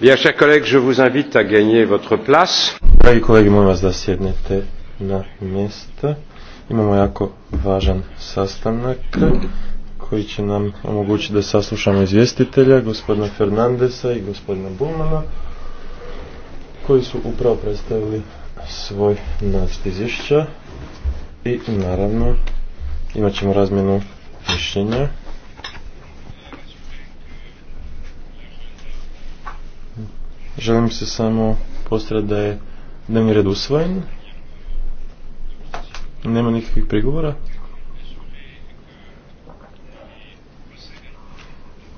Bien, chers collègues, je vous invite à gagner votre place. Dragi kolegi, molim vas da sjednete na mjesta. Imamo jako važan sastanak koji će nam omogućiti da saslušamo izvjestitelja, gospodina Fernandesa i gospodina Bulmana, koji su upravo predstavili svoj nacrt izvješća i naravno Imat ćemo razmjenu mišljenja. Želim se samo postrati da je dnevni red usvojen. Nema nikakvih prigovora.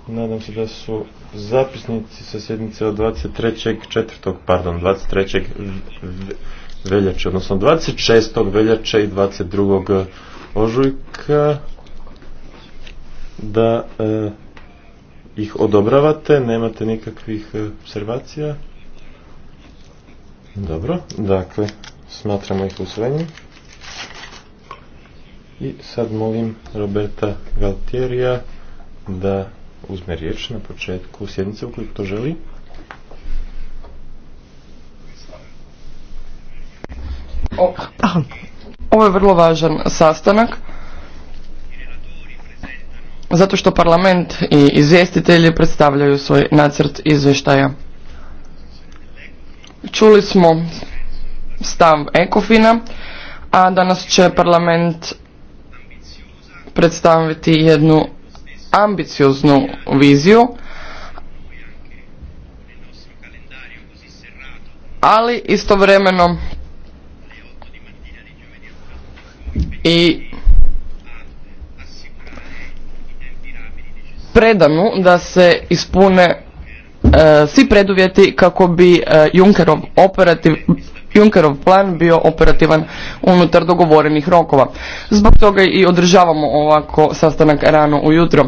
Nadam se da su zapisnici sa sjednice od 23. četvrtog, pardon, 23. veljače, odnosno 26. veljače i 22 ožujka da e, ih odobravate, nemate nikakvih e, observacija. Dobro, dakle, smatramo ih usvojenim. I sad molim Roberta Galtierija da uzme riječ na početku sjednice ukoliko to želi. Oh. Ovo je vrlo važan sastanak zato što parlament i izvjestitelji predstavljaju svoj nacrt izvještaja. Čuli smo stav Ekofina, a danas će parlament predstaviti jednu ambicioznu viziju, ali istovremeno i predanu da se ispune e, svi preduvjeti kako bi e, Junckerov Junkerov, operativ, Junkerov plan bio operativan unutar dogovorenih rokova. Zbog toga i održavamo ovako sastanak rano ujutro.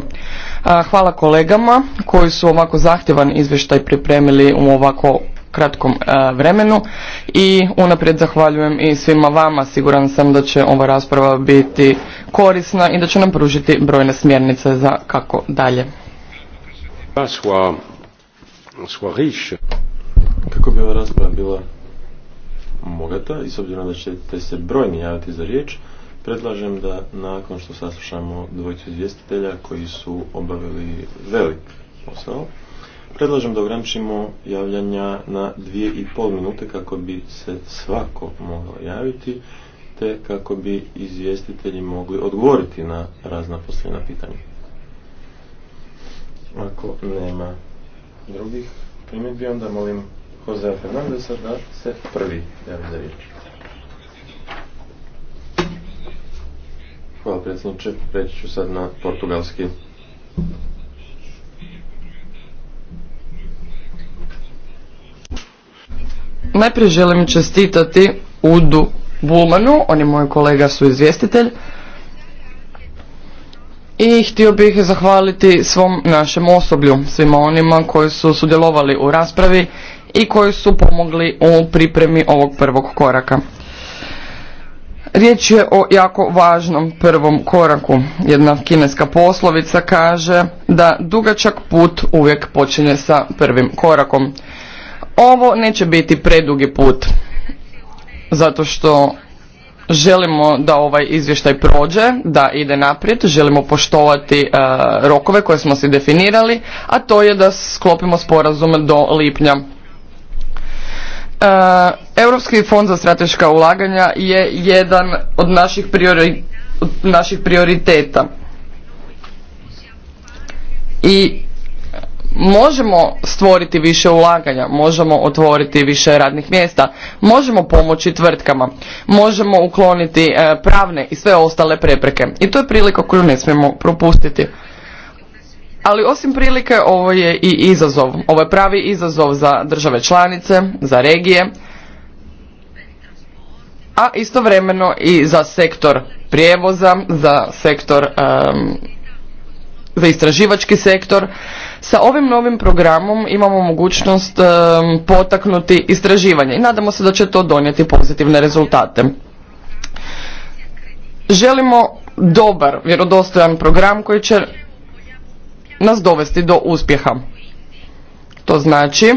hvala kolegama koji su ovako zahtjevan izvještaj pripremili u ovako kratkom e, vremenu i unaprijed zahvaljujem i svima vama. Siguran sam da će ova rasprava biti korisna i da će nam pružiti brojne smjernice za kako dalje. Pa kako bi ova rasprava bila mogata i s obzirom da ćete se brojni javiti za riječ, predlažem da nakon što saslušamo dvojicu izvjestitelja koji su obavili velik posao, Predlažem da ograničimo javljanja na dvije i pol minute kako bi se svako mogao javiti te kako bi izvjestitelji mogli odgovoriti na razna posljedna pitanja. Ako nema drugih primjedbi, onda molim Jose Fernandesa da se prvi javi za riječ. Hvala predsjedniče, preći ću sad na portugalski. Najprije želim čestitati Udu Bulmanu, on je moj kolega su izvjestitelj. I htio bih zahvaliti svom našem osoblju, svima onima koji su sudjelovali u raspravi i koji su pomogli u pripremi ovog prvog koraka. Riječ je o jako važnom prvom koraku. Jedna kineska poslovica kaže da dugačak put uvijek počinje sa prvim korakom. Ovo neće biti predugi put, zato što želimo da ovaj izvještaj prođe, da ide naprijed, želimo poštovati e, rokove koje smo si definirali, a to je da sklopimo sporazum do lipnja. E, Europski fond za strateška ulaganja je jedan od naših, od naših prioriteta. I možemo stvoriti više ulaganja, možemo otvoriti više radnih mjesta, možemo pomoći tvrtkama, možemo ukloniti e, pravne i sve ostale prepreke. I to je prilika koju ne smijemo propustiti. Ali osim prilike ovo je i izazov. Ovo je pravi izazov za države članice, za regije, a istovremeno i za sektor prijevoza, za sektor za istraživački sektor sa ovim novim programom imamo mogućnost potaknuti istraživanje i nadamo se da će to donijeti pozitivne rezultate. Želimo dobar, vjerodostojan program koji će nas dovesti do uspjeha. To znači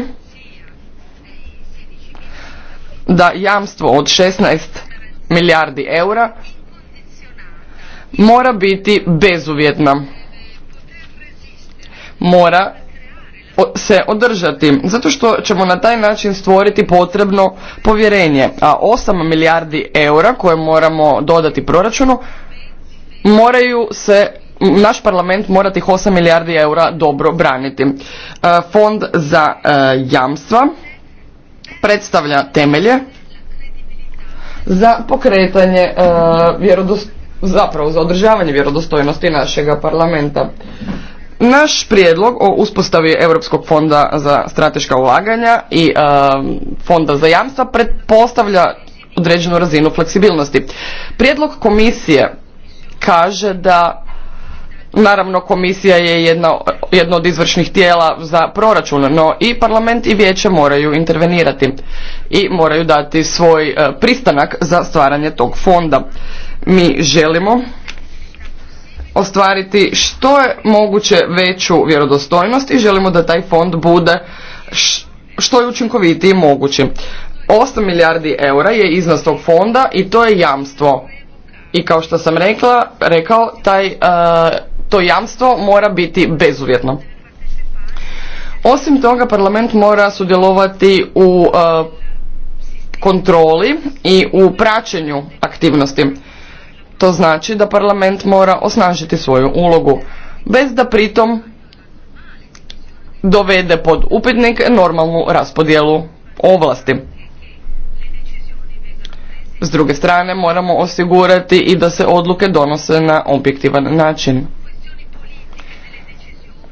da jamstvo od 16 milijardi eura mora biti bezuvjetna mora se održati zato što ćemo na taj način stvoriti potrebno povjerenje a 8 milijardi eura koje moramo dodati proračunu moraju se naš parlament mora tih 8 milijardi eura dobro braniti e, fond za e, jamstva predstavlja temelje za pokretanje e, zapravo za održavanje vjerodostojnosti našega parlamenta naš prijedlog o uspostavi Europskog fonda za strateška ulaganja i e, fonda za jamstva pretpostavlja određenu razinu fleksibilnosti. Prijedlog komisije kaže da Naravno, komisija je jedna, jedno od izvršnih tijela za proračun, no i parlament i vijeće moraju intervenirati i moraju dati svoj e, pristanak za stvaranje tog fonda. Mi želimo ostvariti što je moguće veću vjerodostojnost i želimo da taj fond bude što je učinkovitiji mogući. 8 milijardi eura je iznos tog fonda i to je jamstvo. I kao što sam rekla, rekao, taj, e, to jamstvo mora biti bezuvjetno. Osim toga, parlament mora sudjelovati u e, kontroli i u praćenju aktivnosti. To znači da parlament mora osnažiti svoju ulogu, bez da pritom dovede pod upitnik normalnu raspodjelu ovlasti. S druge strane moramo osigurati i da se odluke donose na objektivan način.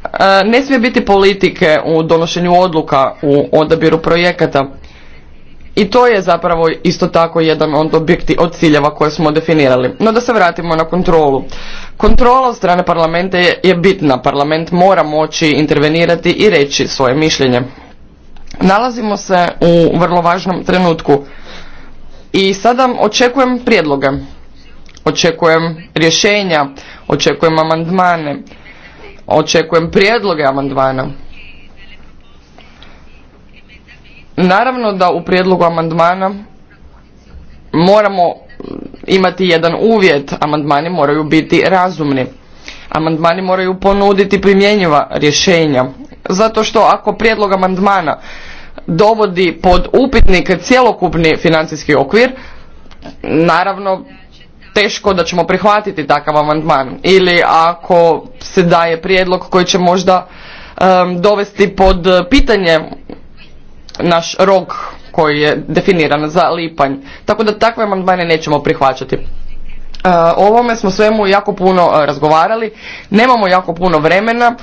E, ne smije biti politike u donošenju odluka u odabiru projekata. I to je zapravo isto tako jedan od objekti od ciljeva koje smo definirali. No da se vratimo na kontrolu. Kontrola od strane parlamenta je, je bitna. Parlament mora moći intervenirati i reći svoje mišljenje. Nalazimo se u vrlo važnom trenutku. I sada očekujem prijedloge. Očekujem rješenja, očekujem amandmane, očekujem prijedloge amandmana. Naravno da u prijedlogu amandmana moramo imati jedan uvjet, amandmani moraju biti razumni. Amandmani moraju ponuditi primjenjiva rješenja. Zato što ako prijedlog amandmana dovodi pod upitnik cjelokupni financijski okvir, naravno teško da ćemo prihvatiti takav amandman. Ili ako se daje prijedlog koji će možda dovesti pod pitanje naš rok koji je definiran za lipanj. Tako da takve amandmane nećemo prihvaćati. E, o ovome smo svemu jako puno e, razgovarali, nemamo jako puno vremena,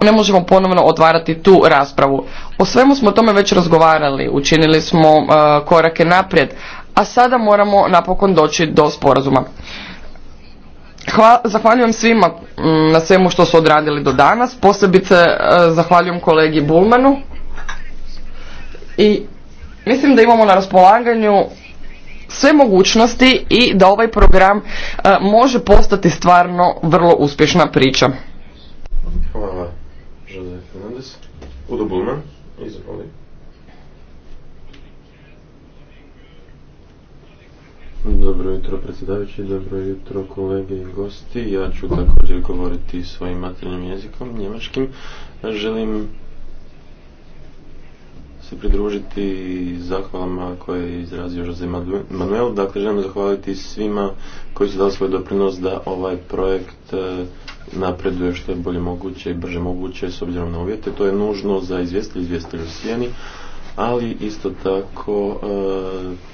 ne možemo ponovno otvarati tu raspravu. O svemu smo o tome već razgovarali, učinili smo e, korake naprijed, a sada moramo napokon doći do sporazuma. zahvaljujem svima mm, na svemu što su odradili do danas, posebice zahvaljujem kolegi Bulmanu i mislim da imamo na raspolaganju sve mogućnosti i da ovaj program e, može postati stvarno vrlo uspješna priča. Hvala, Jose Fernandez. Udo izvoli. Dobro jutro predsjedavajući, dobro jutro kolege i gosti. Ja ću također govoriti svojim materijalnim jezikom, njemačkim. Želim se pridružiti zahvalama koje je izrazio Jose Manuel. Dakle, želim zahvaliti svima koji su dali svoj doprinos da ovaj projekt e, napreduje što je bolje moguće i brže moguće s obzirom na uvjete. To je nužno za izvjestelj, izvjestelj u sjeni, ali isto tako e,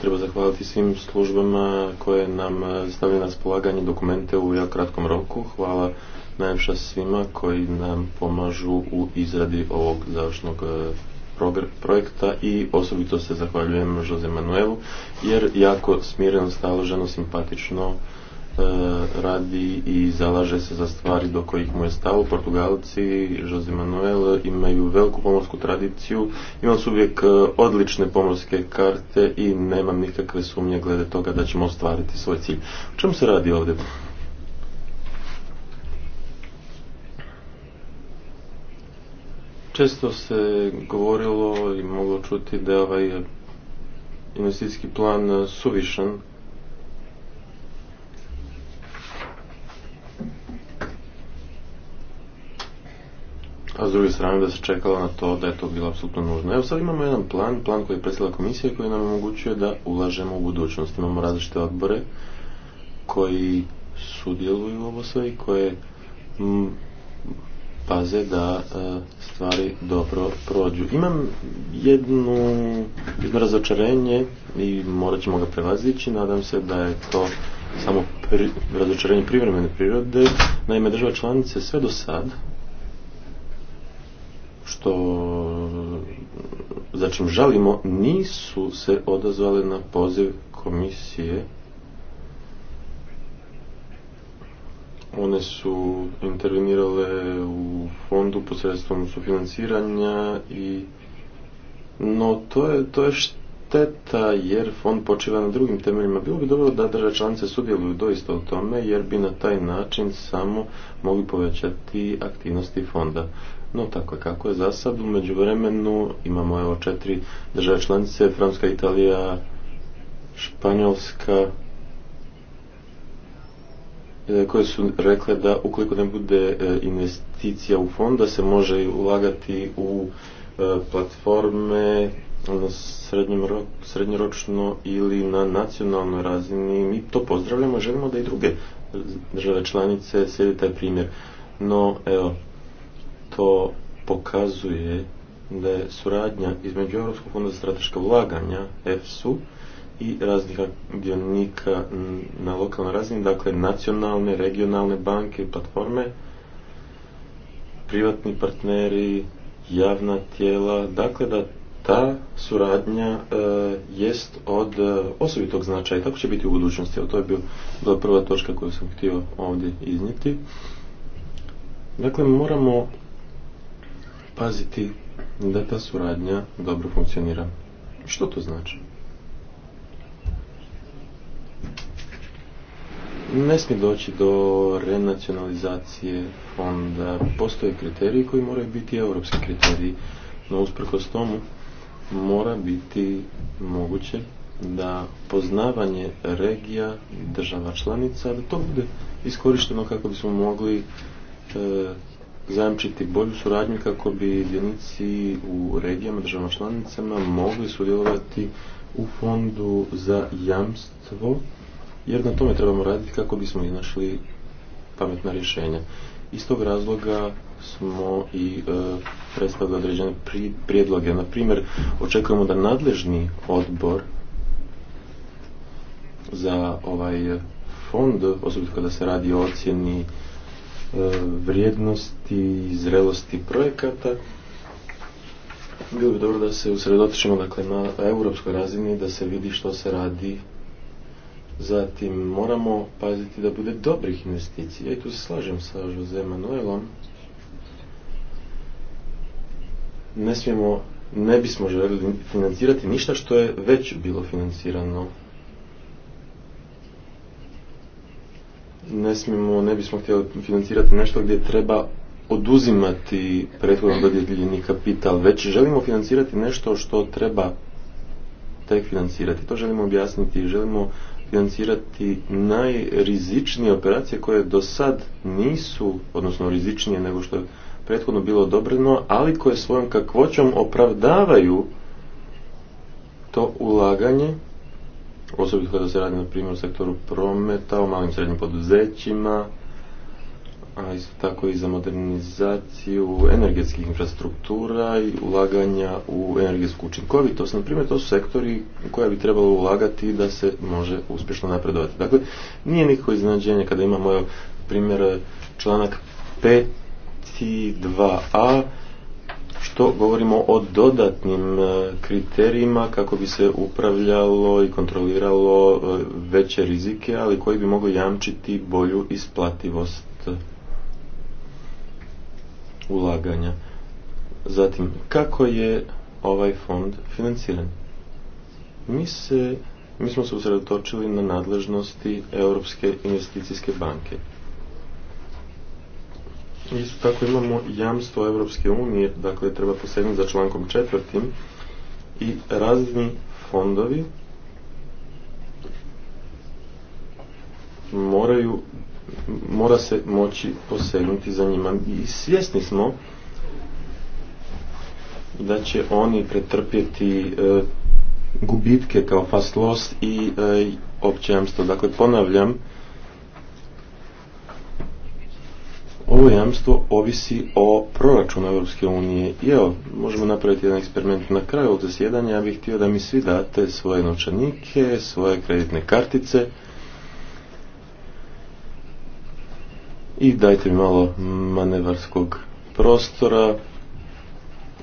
treba zahvaliti svim službama koje nam e, stavljaju na raspolaganje dokumente u jako kratkom roku. Hvala najljepša svima koji nam pomažu u izradi ovog završnog projekta i osobito se zahvaljujem Jose Manuelu jer jako smireno, staloženo, simpatično e, radi i zalaže se za stvari do kojih mu je stalo. Portugalci, Jose Manuel, imaju veliku pomorsku tradiciju, imali su uvijek e, odlične pomorske karte i nemam nikakve sumnje glede toga da ćemo ostvariti svoj cilj. O čemu se radi ovdje? Često se govorilo i moglo čuti da je ovaj investicijski plan suvišan. A s druge strane da se čekalo na to da je to bilo apsolutno nužno. Evo sad imamo jedan plan, plan koji je predstavila komisija koji nam omogućuje da ulažemo u budućnost. Imamo različite odbore koji sudjeluju u ovo sve i koje paze da e, stvari dobro prođu. Imam jednu, jedno razočarenje i morat ćemo ga prelazići. Nadam se da je to samo pri, razočarenje privremene prirode. Naime, država članice sve do sad što za čim žalimo nisu se odazvale na poziv komisije One su intervenirale u fondu posredstvom sufinanciranja i no to je, to je šteta jer fond počiva na drugim temeljima. Bilo bi dobro da države članice sudjeluju doista u tome jer bi na taj način samo mogli povećati aktivnosti fonda. No tako je kako je za sad. U međuvremenu imamo evo četiri države članice, Francuska, Italija, Španjolska, E, koje su rekle da ukoliko ne bude e, investicija u fond, da se može ulagati u e, platforme ono, srednjoročno ili na nacionalnoj razini. Mi to pozdravljamo, želimo da i druge države članice slijede taj primjer. No, evo, to pokazuje da je suradnja između Europskog fonda za strateška ulaganja, EFSU, i raznih dionika na lokalnoj razini, dakle nacionalne, regionalne banke platforme, privatni partneri, javna tijela, dakle da ta suradnja e, jest od e, osobitog značaja. Tako će biti u budućnosti. to je bila prva točka koju sam htio ovdje iznijeti. Dakle, moramo paziti da ta suradnja dobro funkcionira. Što to znači? ne smije doći do renacionalizacije fonda. Postoje kriteriji koji moraju biti europski kriteriji, no usprkos tomu mora biti moguće da poznavanje regija država članica, da to bude iskorišteno kako bismo mogli e, zajamčiti bolju suradnju kako bi jedinici u regijama, državama članicama mogli sudjelovati u fondu za jamstvo jer na tome trebamo raditi kako bismo iznašli pametna rješenja. Iz tog razloga smo i e, predstavili određene prijedloge. Na primjer, očekujemo da nadležni odbor za ovaj fond, osobito kada se radi o ocjeni e, vrijednosti i zrelosti projekata, bilo bi dobro da se usredotočimo dakle, na europskoj razini da se vidi što se radi Zatim moramo paziti da bude dobrih investicija i tu se slažem sa Jose Manuelom. Ne smijemo, ne bismo željeli financirati ništa što je već bilo financirano. Ne smijemo, ne bismo htjeli financirati nešto gdje treba oduzimati prethodno dodjeljeni kapital, već želimo financirati nešto što treba tek financirati. To želimo objasniti, i želimo financirati najrizičnije operacije koje do sad nisu, odnosno rizičnije nego što je prethodno bilo odobreno, ali koje svojom kakvoćom opravdavaju to ulaganje, osobito kada se radi na primjer u sektoru prometa, o malim srednjim poduzećima, a isto tako i za modernizaciju energetskih infrastruktura i ulaganja u energetsku učinkovitost. Na primjer, to su sektori koja bi trebalo ulagati da se može uspješno napredovati. Dakle, nije nikako iznenađenje kada imamo primjer članak 5.2a što govorimo o dodatnim e, kriterijima kako bi se upravljalo i kontroliralo e, veće rizike, ali koji bi mogli jamčiti bolju isplativost ulaganja. Zatim, kako je ovaj fond financiran? Mi, se, mi smo se usredotočili na nadležnosti Europske investicijske banke. Isto tako imamo jamstvo Europske unije, dakle treba posebno za člankom četvrtim i razni fondovi moraju mora se moći posegnuti za njima. I svjesni smo da će oni pretrpjeti e, gubitke kao fast loss i e, opće jamstvo. Dakle, ponavljam, ovo jamstvo ovisi o proračunu Europske unije. I evo, možemo napraviti jedan eksperiment na kraju ovog zasjedanja. Ja bih htio da mi svi date svoje novčanike, svoje kreditne kartice, i dajte mi malo manevarskog prostora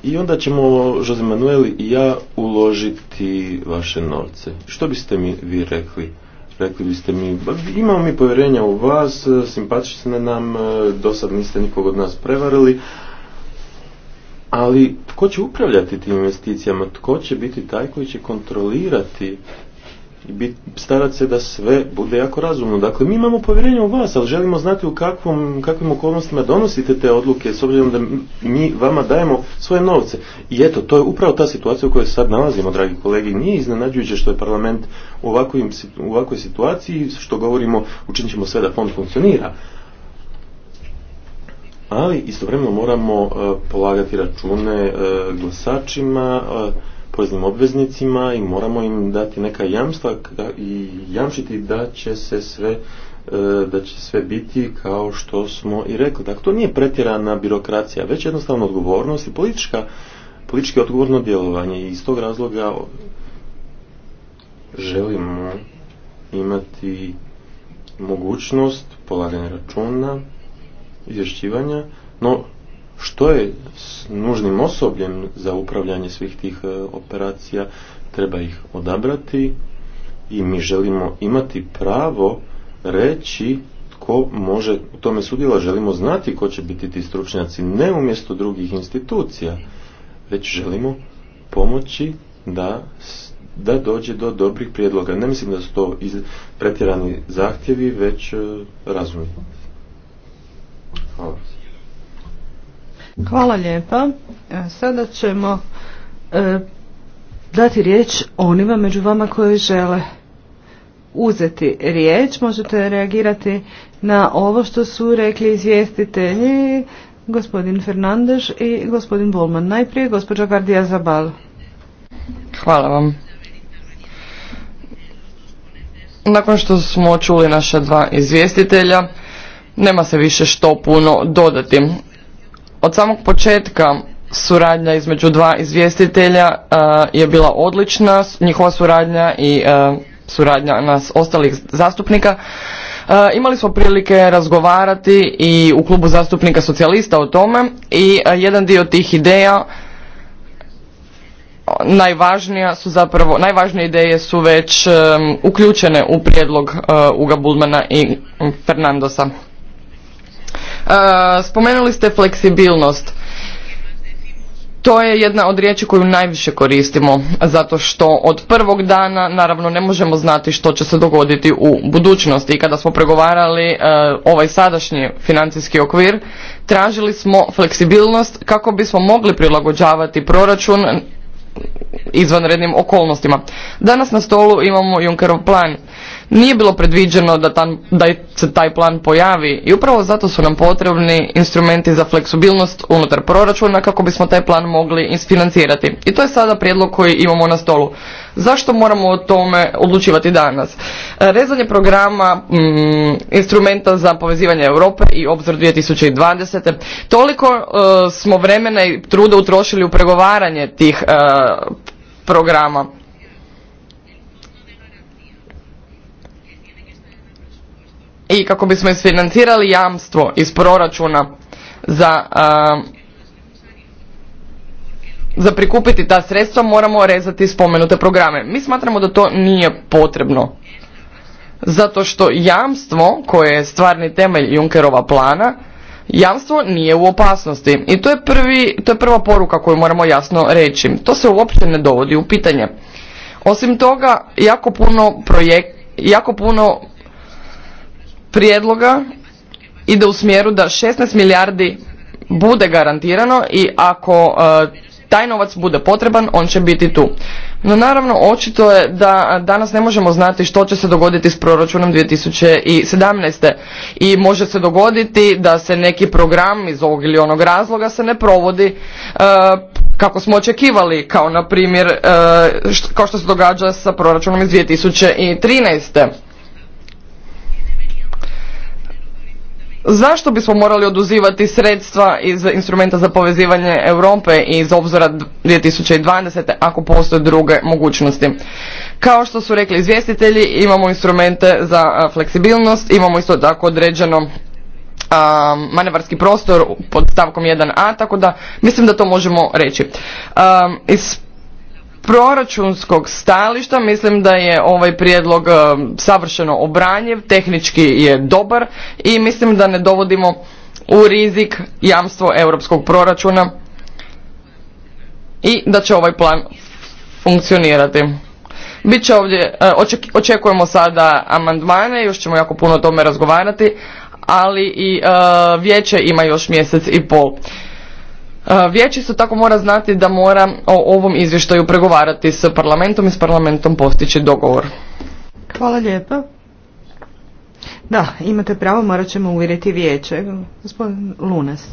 i onda ćemo Jose Manuel i ja uložiti vaše novce. Što biste mi vi rekli? Rekli biste mi, imamo mi povjerenja u vas, simpatični ste nam, do sad niste nikog od nas prevarili, ali tko će upravljati tim investicijama? Tko će biti taj koji će kontrolirati i bit, starat se da sve bude jako razumno. Dakle, mi imamo povjerenje u vas, ali želimo znati u kakvom, kakvim okolnostima donosite te odluke, s obzirom da mi vama dajemo svoje novce. I eto, to je upravo ta situacija u kojoj sad nalazimo, dragi kolegi. Nije iznenađujuće što je parlament u, u ovakvoj situaciji, što govorimo, učinit ćemo sve da fond funkcionira. Ali istovremeno moramo eh, polagati račune eh, glasačima, eh, poreznim obveznicima i moramo im dati neka jamstva i jamčiti da će se sve e, da će sve biti kao što smo i rekli. Dakle, to nije pretjerana birokracija, već jednostavno odgovornost i politička, politički odgovorno djelovanje. I iz tog razloga želimo imati mogućnost polaganja računa, izvješćivanja, no što je s nužnim osobljem za upravljanje svih tih e, operacija, treba ih odabrati i mi želimo imati pravo reći tko može u tome sudjela, želimo znati ko će biti ti stručnjaci, ne umjesto drugih institucija, već želimo pomoći da da dođe do dobrih prijedloga. Ne mislim da su to pretjerani zahtjevi, već e, razumno Hvala. Hvala lijepa. E, sada ćemo e, dati riječ onima među vama koji žele uzeti riječ. Možete reagirati na ovo što su rekli izvjestitelji gospodin Fernandez i gospodin Bolman. Najprije gospođa Gardija Zabal. Hvala vam. Nakon što smo čuli naša dva izvjestitelja, nema se više što puno dodati. Od samog početka suradnja između dva izvjestitelja uh, je bila odlična, njihova suradnja i uh, suradnja nas ostalih zastupnika. Uh, imali smo prilike razgovarati i u klubu zastupnika socijalista o tome i jedan dio tih ideja najvažnija su zapravo, najvažnije ideje su već um, uključene u prijedlog Uga Bulmana i Fernandosa. Eh, spomenuli ste fleksibilnost. To je jedna od riječi koju najviše koristimo, zato što od prvog dana naravno ne možemo znati što će se dogoditi u budućnosti. I kada smo pregovarali eh, ovaj sadašnji financijski okvir, tražili smo fleksibilnost kako bismo mogli prilagođavati proračun izvanrednim okolnostima. Danas na stolu imamo Junckerov plan nije bilo predviđeno da, tam, da se taj plan pojavi i upravo zato su nam potrebni instrumenti za fleksibilnost unutar proračuna kako bismo taj plan mogli isfinancirati. I to je sada prijedlog koji imamo na stolu. Zašto moramo o tome odlučivati danas? E, rezanje programa mm, instrumenta za povezivanje Europe i obzor 2020. Toliko e, smo vremena i truda utrošili u pregovaranje tih e, programa i kako bismo isfinancirali jamstvo iz proračuna za, uh, za prikupiti ta sredstva moramo rezati spomenute programe. Mi smatramo da to nije potrebno. Zato što jamstvo koje je stvarni temelj Junkerova plana, jamstvo nije u opasnosti. I to je, prvi, to je prva poruka koju moramo jasno reći. To se uopće ne dovodi u pitanje. Osim toga, jako puno projekta, jako puno prijedloga ide u smjeru da 16 milijardi bude garantirano i ako e, taj novac bude potreban, on će biti tu. No naravno, očito je da danas ne možemo znati što će se dogoditi s proračunom 2017. I može se dogoditi da se neki program iz ovog ili onog razloga se ne provodi e, kako smo očekivali, kao na primjer, e, kao što se događa sa proračunom iz 2013. Zašto bismo morali oduzivati sredstva iz instrumenta za povezivanje Europe iz obzora 2020. ako postoje druge mogućnosti? Kao što su rekli izvjestitelji, imamo instrumente za fleksibilnost, imamo isto tako određeno manevarski prostor pod stavkom 1a, tako da mislim da to možemo reći. iz proračunskog stajališta mislim da je ovaj prijedlog e, savršeno obranjiv, tehnički je dobar i mislim da ne dovodimo u rizik jamstvo europskog proračuna i da će ovaj plan funkcionirati. Biće ovdje, e, očekujemo sada amandmane, još ćemo jako puno o tome razgovarati, ali i e, vijeće ima još mjesec i pol. Eh, vijeće se tako mora znati da mora o ovom izvještaju pregovarati s parlamentom i s parlamentom postići dogovor. Hvala lijepa. Da, imate pravo, morat ćemo uvjeriti vijeće. Gospodin Lunas.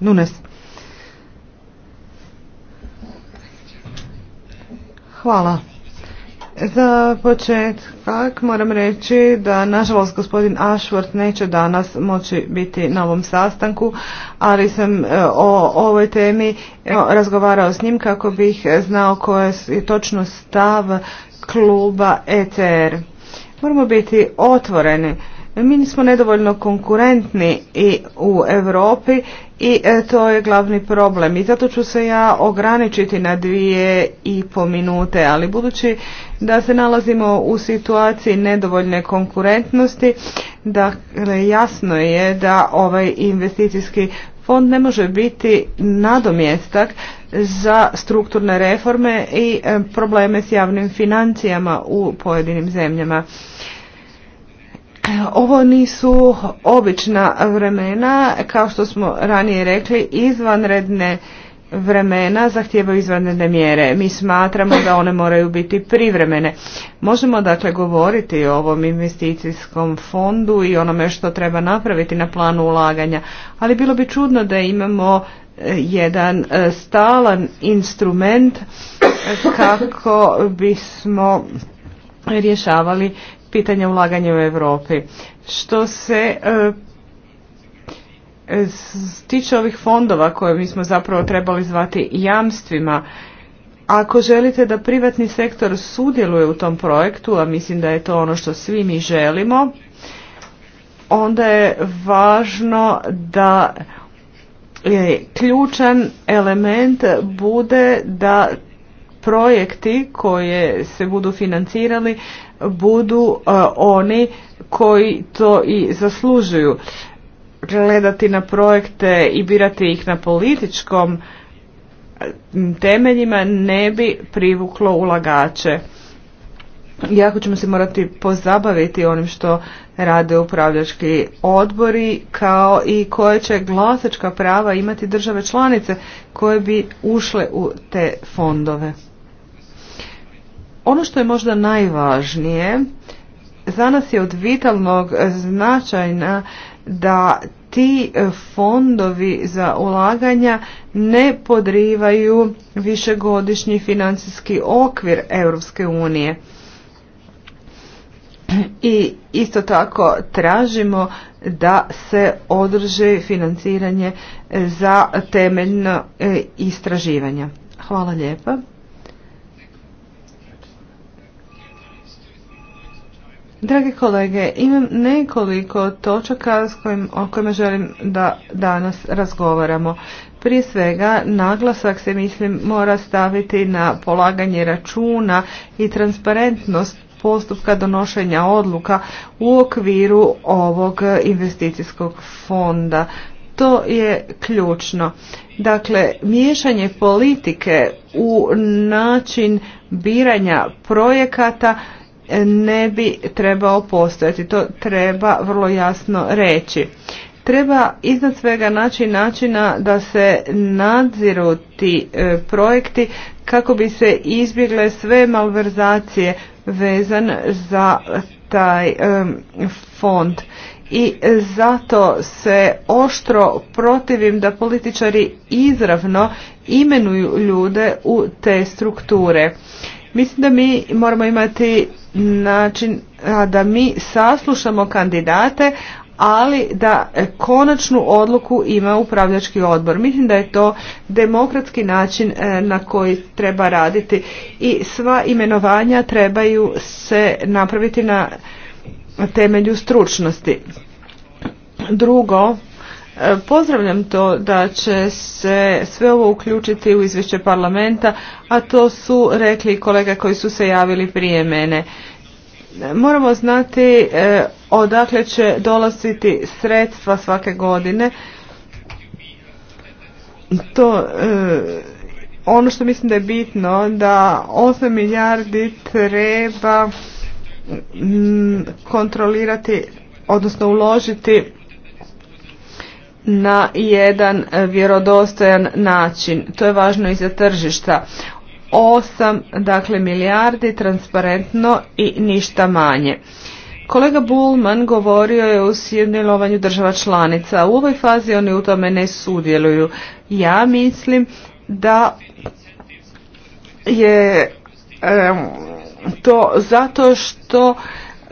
Lunas. Hvala. Za početak moram reći da nažalost gospodin Ashworth neće danas moći biti na ovom sastanku, ali sam e, o ovoj temi e, razgovarao s njim kako bih znao koja je točno stav kluba ETR. Er. Moramo biti otvoreni. Mi nismo nedovoljno konkurentni i u Europi i e, to je glavni problem. I zato ću se ja ograničiti na dvije i po minute, ali budući da se nalazimo u situaciji nedovoljne konkurentnosti, dakle jasno je da ovaj investicijski fond ne može biti nadomjestak za strukturne reforme i e, probleme s javnim financijama u pojedinim zemljama. Ovo nisu obična vremena, kao što smo ranije rekli, izvanredne vremena zahtijevaju izvanredne mjere. Mi smatramo da one moraju biti privremene. Možemo dakle govoriti o ovom investicijskom fondu i onome što treba napraviti na planu ulaganja, ali bilo bi čudno da imamo e, jedan e, stalan instrument kako bismo rješavali pitanja ulaganja u Europi. Što se e, tiče ovih fondova koje mi smo zapravo trebali zvati jamstvima, ako želite da privatni sektor sudjeluje u tom projektu, a mislim da je to ono što svi mi želimo, onda je važno da je ključan element bude da projekti koje se budu financirali budu e, oni koji to i zaslužuju. Gledati na projekte i birati ih na političkom e, temeljima ne bi privuklo ulagače. Jako ćemo se morati pozabaviti onim što rade upravljački odbori kao i koje će glasačka prava imati države članice koje bi ušle u te fondove. Ono što je možda najvažnije, za nas je od vitalnog značajna da ti fondovi za ulaganja ne podrivaju višegodišnji financijski okvir Europske unije. I isto tako tražimo da se održi financiranje za temeljno e, istraživanje. Hvala lijepa. Dragi kolege, imam nekoliko točaka s kojim, o kojima želim da danas razgovaramo. Prije svega, naglasak se mislim mora staviti na polaganje računa i transparentnost postupka donošenja odluka u okviru ovog investicijskog fonda. To je ključno. Dakle, miješanje politike u način biranja projekata ne bi trebao postojati. To treba vrlo jasno reći. Treba iznad svega naći načina da se nadziru ti e, projekti kako bi se izbjegle sve malverzacije vezan za taj e, fond. I zato se oštro protivim da političari izravno imenuju ljude u te strukture Mislim da mi moramo imati način da mi saslušamo kandidate, ali da konačnu odluku ima upravljački odbor. Mislim da je to demokratski način e, na koji treba raditi i sva imenovanja trebaju se napraviti na temelju stručnosti. Drugo, E, pozdravljam to da će se sve ovo uključiti u izvješće parlamenta, a to su rekli kolega koji su se javili prije mene. E, moramo znati e, odakle će dolaziti sredstva svake godine. To ono što mislim da je bitno da 8 milijardi treba kontrolirati odnosno uložiti na jedan e, vjerodostojan način. To je važno i za tržišta. 8 dakle, milijardi transparentno i ništa manje. Kolega Bulman govorio je o sjednilovanju država članica. U ovoj fazi oni u tome ne sudjeluju. Ja mislim da je to zato što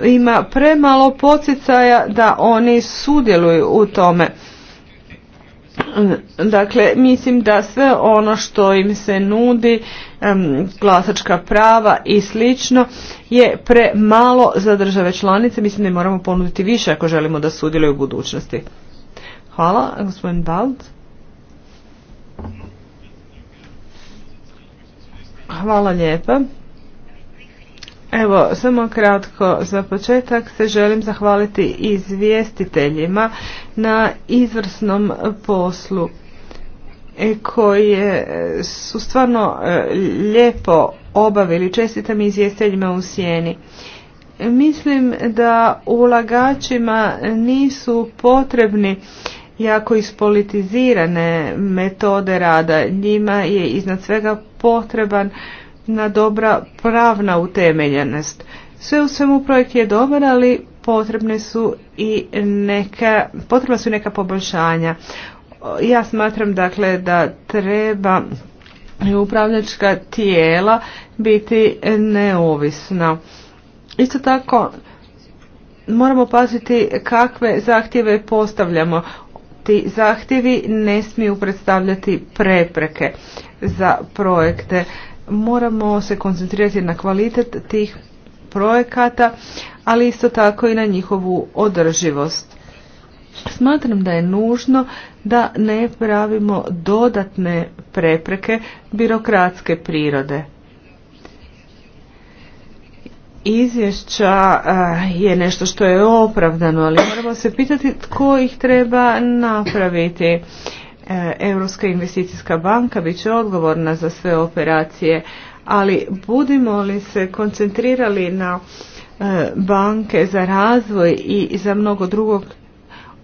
ima premalo poticaja da oni sudjeluju u tome. Dakle, mislim da sve ono što im se nudi, glasačka prava i slično, je premalo za države članice. Mislim da im moramo ponuditi više ako želimo da sudjeluju u budućnosti. Hvala, gospodin Hvala lijepa. Evo, samo kratko za početak se želim zahvaliti izvjestiteljima na izvrsnom poslu e, koji su stvarno e, lijepo obavili. Čestitam izvjestiteljima u sjeni. Mislim da ulagačima nisu potrebni jako ispolitizirane metode rada. Njima je iznad svega potreban na dobra pravna utemeljenost. Sve u svemu projekt je dobar, ali potrebne su i neka, potrebna su neka poboljšanja. Ja smatram dakle da treba upravljačka tijela biti neovisna. Isto tako moramo paziti kakve zahtjeve postavljamo. Ti zahtjevi ne smiju predstavljati prepreke za projekte moramo se koncentrirati na kvalitet tih projekata, ali isto tako i na njihovu održivost. Smatram da je nužno da ne pravimo dodatne prepreke birokratske prirode. Izvješća je nešto što je opravdano, ali moramo se pitati tko ih treba napraviti. E, Europska investicijska banka bit će odgovorna za sve operacije, ali budimo li se koncentrirali na e, banke za razvoj i za mnogo drugog,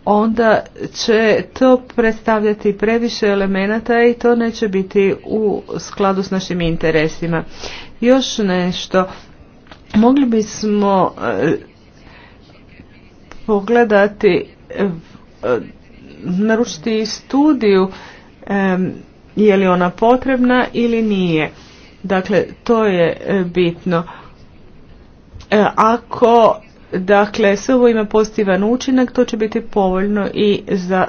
onda će to predstavljati previše elemenata i to neće biti u skladu s našim interesima. Još nešto, mogli bismo e, pogledati naručiti studiju je li ona potrebna ili nije. Dakle, to je e, bitno. E, ako dakle sve ovo ima pozitivan učinak, to će biti povoljno i za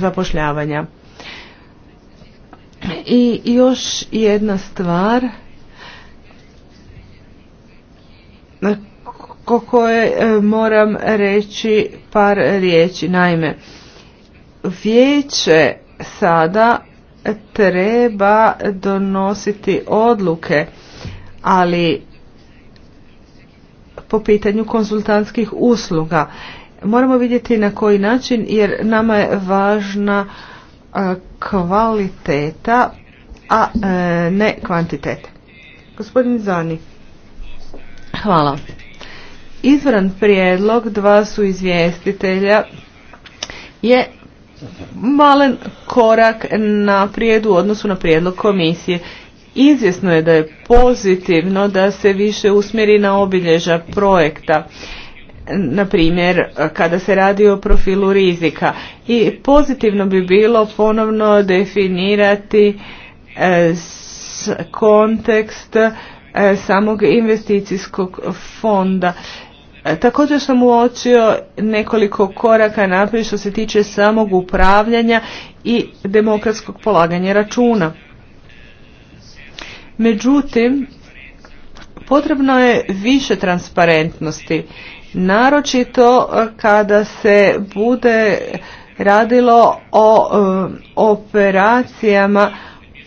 zapošljavanja. I još jedna stvar o koje e, moram reći par riječi. Naime, vijeće sada treba donositi odluke, ali po pitanju konzultantskih usluga. Moramo vidjeti na koji način jer nama je važna e, kvaliteta, a e, ne kvantiteta. Gospodin Zani. Hvala. Izvran prijedlog dva su izvjestitelja je malen korak naprijed u odnosu na prijedlog komisije. Izvjesno je da je pozitivno da se više usmjeri na obilježa projekta, na primjer kada se radi o profilu rizika. I pozitivno bi bilo ponovno definirati e, kontekst e, samog investicijskog fonda E, također sam uočio nekoliko koraka naprijed što se tiče samog upravljanja i demokratskog polaganja računa. Međutim, potrebno je više transparentnosti, naročito kada se bude radilo o e, operacijama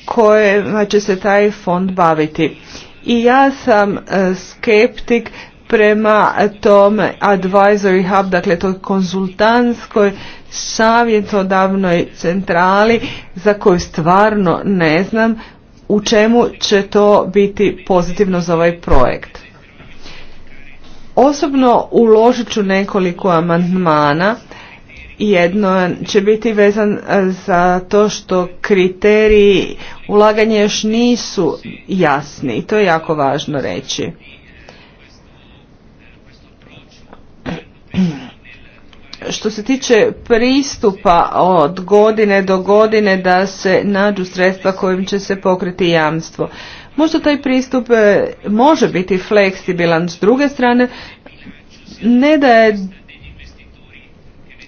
koje će se taj fond baviti. I ja sam e, skeptik prema tom advisory hub, dakle toj konzultantskoj savjetodavnoj centrali za koju stvarno ne znam u čemu će to biti pozitivno za ovaj projekt. Osobno uložit ću nekoliko amandmana. Jedno će biti vezan e, za to što kriteriji ulaganja još nisu jasni i to je jako važno reći. što se tiče pristupa od godine do godine da se nađu sredstva kojim će se pokriti jamstvo. Možda taj pristup e, može biti fleksibilan, s druge strane ne da je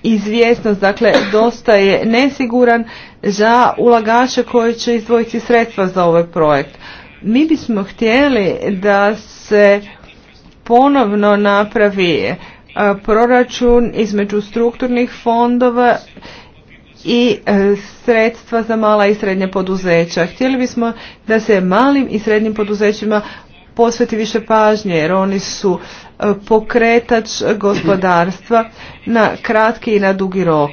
izvjesnost, dakle dosta je nesiguran za ulagače koji će izdvojiti sredstva za ovaj projekt. Mi bismo htjeli da se ponovno napravi E, proračun između strukturnih fondova i e, sredstva za mala i srednja poduzeća. Htjeli bismo da se malim i srednjim poduzećima posveti više pažnje jer oni su e, pokretač gospodarstva na kratki i na dugi rok.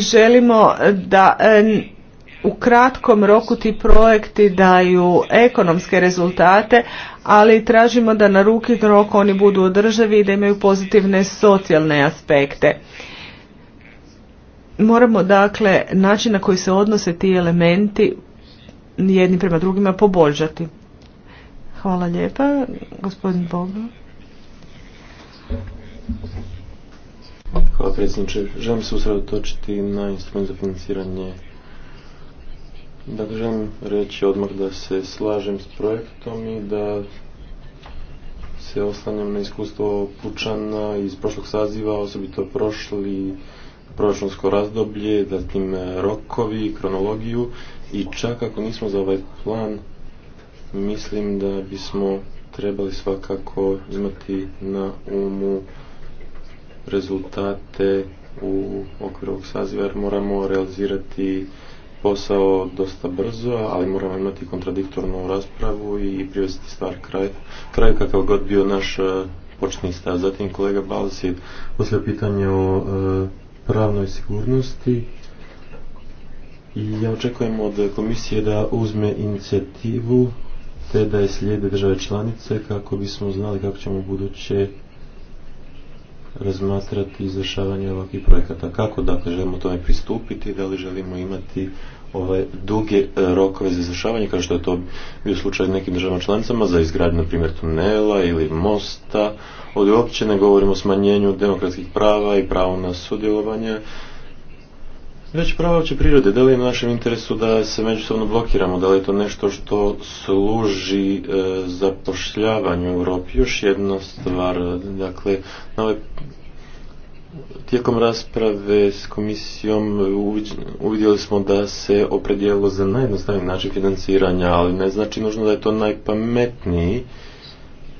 Želimo da u kratkom roku ti projekti daju ekonomske rezultate, ali tražimo da na ruki rok oni budu održivi i da imaju pozitivne socijalne aspekte. Moramo dakle način na koji se odnose ti elementi jedni prema drugima poboljšati. Hvala lijepa, gospodin Bogu. Hvala predsjedniče. Želim se usredotočiti na instrument za financiranje da želim reći odmah da se slažem s projektom i da se oslanjam na iskustvo Pučana iz prošlog saziva, osobito prošli proračunsko razdoblje, tim rokovi, kronologiju i čak ako nismo za ovaj plan, mislim da bismo trebali svakako imati na umu rezultate u okviru ovog saziva jer moramo realizirati posao dosta brzo, ali moramo imati kontradiktornu raspravu i privesti stvar kraj. kraj kakav god bio naš e, početni stav. Zatim kolega Balas je poslije pitanje o e, pravnoj sigurnosti i ja očekujem od komisije da uzme inicijativu te da je slijede države članice kako bismo znali kako ćemo buduće razmatrati izvršavanje ovakvih projekata. Kako dakle želimo tome pristupiti, da li želimo imati ovaj duge e, rokove za izvršavanje, kao što je to bio slučaj nekim državama članicama, za izgradnju, na primjer, tunela ili mosta. Ovdje uopće ne govorimo o smanjenju demokratskih prava i pravo na sudjelovanje, već prava prirode. Da li je na našem interesu da se međusobno blokiramo? Da li je to nešto što služi e, zapošljavanju u Europi? Još jedna stvar, dakle, na ovaj Tijekom rasprave s komisijom uvidjeli smo da se opredijelo za najjednostavniji način financiranja, ali ne znači nužno da je to najpametniji.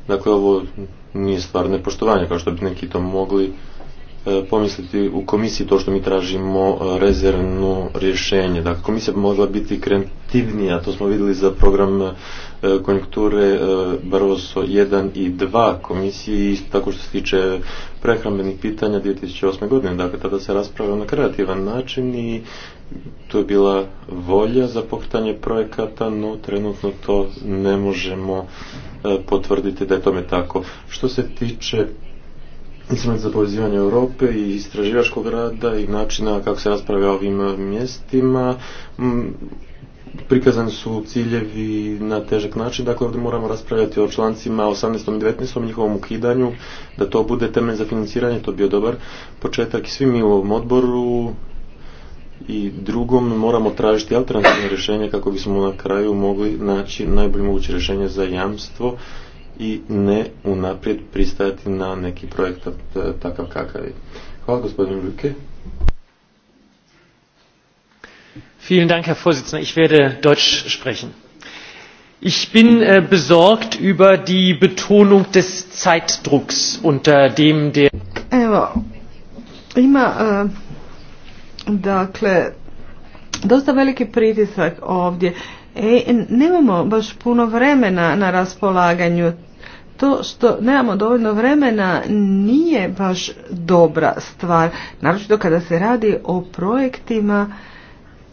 Dakle, ovo nije stvar nepoštovanja, kao što bi neki to mogli E, pomisliti u komisiji to što mi tražimo e, rezervno rješenje. Dakle, komisija bi mogla biti kreativnija, to smo vidjeli za program e, konjunkture Baroso 1 i 2 komisiji, tako što se tiče prehrambenih pitanja 2008. godine. Dakle, tada se raspravio na kreativan način i to je bila volja za pokretanje projekata, no trenutno to ne možemo potvrditi da je tome tako. Što se tiče instrument za povezivanje Europe i istraživačkog rada i načina kako se raspravlja o ovim eh, mjestima. Mm, prikazani su ciljevi na težak način, dakle ovdje moramo raspravljati o člancima 18. i 19. njihovom ukidanju, da to bude temelj za financiranje, to bi bio dobar početak i svi mi u ovom odboru i drugom moramo tražiti alternativne rješenje kako bismo na kraju mogli naći najbolje moguće rješenje za jamstvo i ne unaprijed pristajati na neki projekt takav kakav je. Hvala gospodin Luke. Vielen Dank, Herr Vorsitzender. Ich werde Deutsch sprechen. Ich bin äh, besorgt über die Betonung des Zeitdrucks, unter dem der... Evo, ima, äh, dakle, dosta veliki pritisak ovdje. E, nemamo baš puno vremena na raspolaganju, to što nemamo dovoljno vremena nije baš dobra stvar, naročito kada se radi o projektima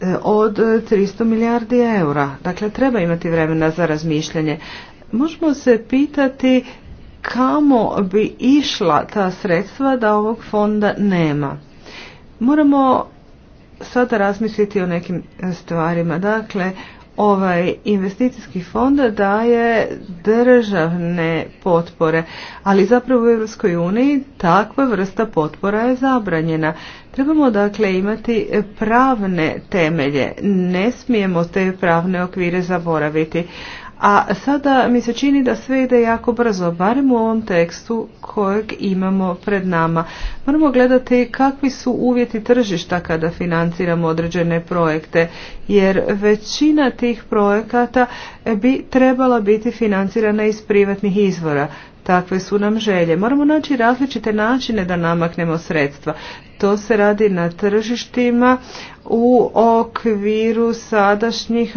e, od 300 milijardi eura. Dakle, treba imati vremena za razmišljanje. Možemo se pitati kamo bi išla ta sredstva da ovog fonda nema. Moramo sada razmisliti o nekim stvarima. Dakle, ovaj investicijski fond daje državne potpore, ali zapravo u Europskoj uniji takva vrsta potpora je zabranjena. Trebamo dakle imati pravne temelje, ne smijemo te pravne okvire zaboraviti. A sada mi se čini da sve ide jako brzo, barem u ovom tekstu kojeg imamo pred nama. Moramo gledati kakvi su uvjeti tržišta kada financiramo određene projekte, jer većina tih projekata bi trebala biti financirana iz privatnih izvora. Takve su nam želje. Moramo naći različite načine da namaknemo sredstva. To se radi na tržištima u okviru sadašnjih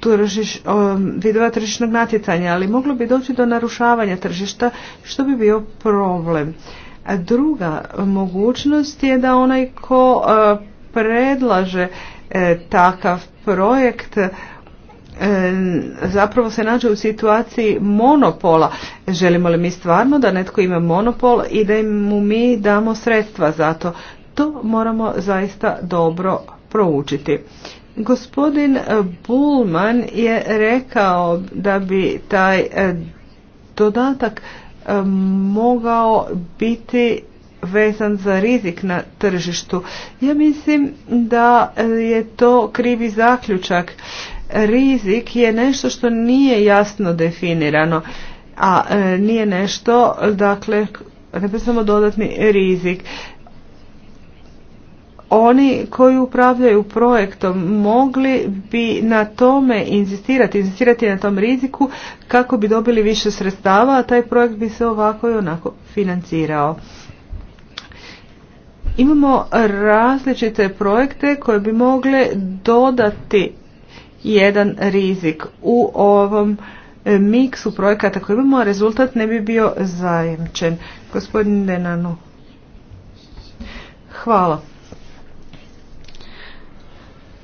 tržiš, vidova tržišnog natjecanja, ali moglo bi doći do narušavanja tržišta što bi bio problem. druga mogućnost je da onaj ko e, predlaže e, takav projekt e, zapravo se nađe u situaciji monopola. Želimo li mi stvarno da netko ima monopol i da mu mi damo sredstva za to? To moramo zaista dobro proučiti. Gospodin e, Bulman je rekao da bi taj e, dodatak e, mogao biti vezan za rizik na tržištu. Ja mislim da je to krivi zaključak. Rizik je nešto što nije jasno definirano, a nije nešto, dakle, ne samo dodatni rizik oni koji upravljaju projektom mogli bi na tome inzistirati, inzistirati na tom riziku kako bi dobili više sredstava, a taj projekt bi se ovako i onako financirao. Imamo različite projekte koje bi mogle dodati jedan rizik u ovom e, miksu projekata koji imamo, a rezultat ne bi bio zajemčen. Gospodin Denanu. Hvala.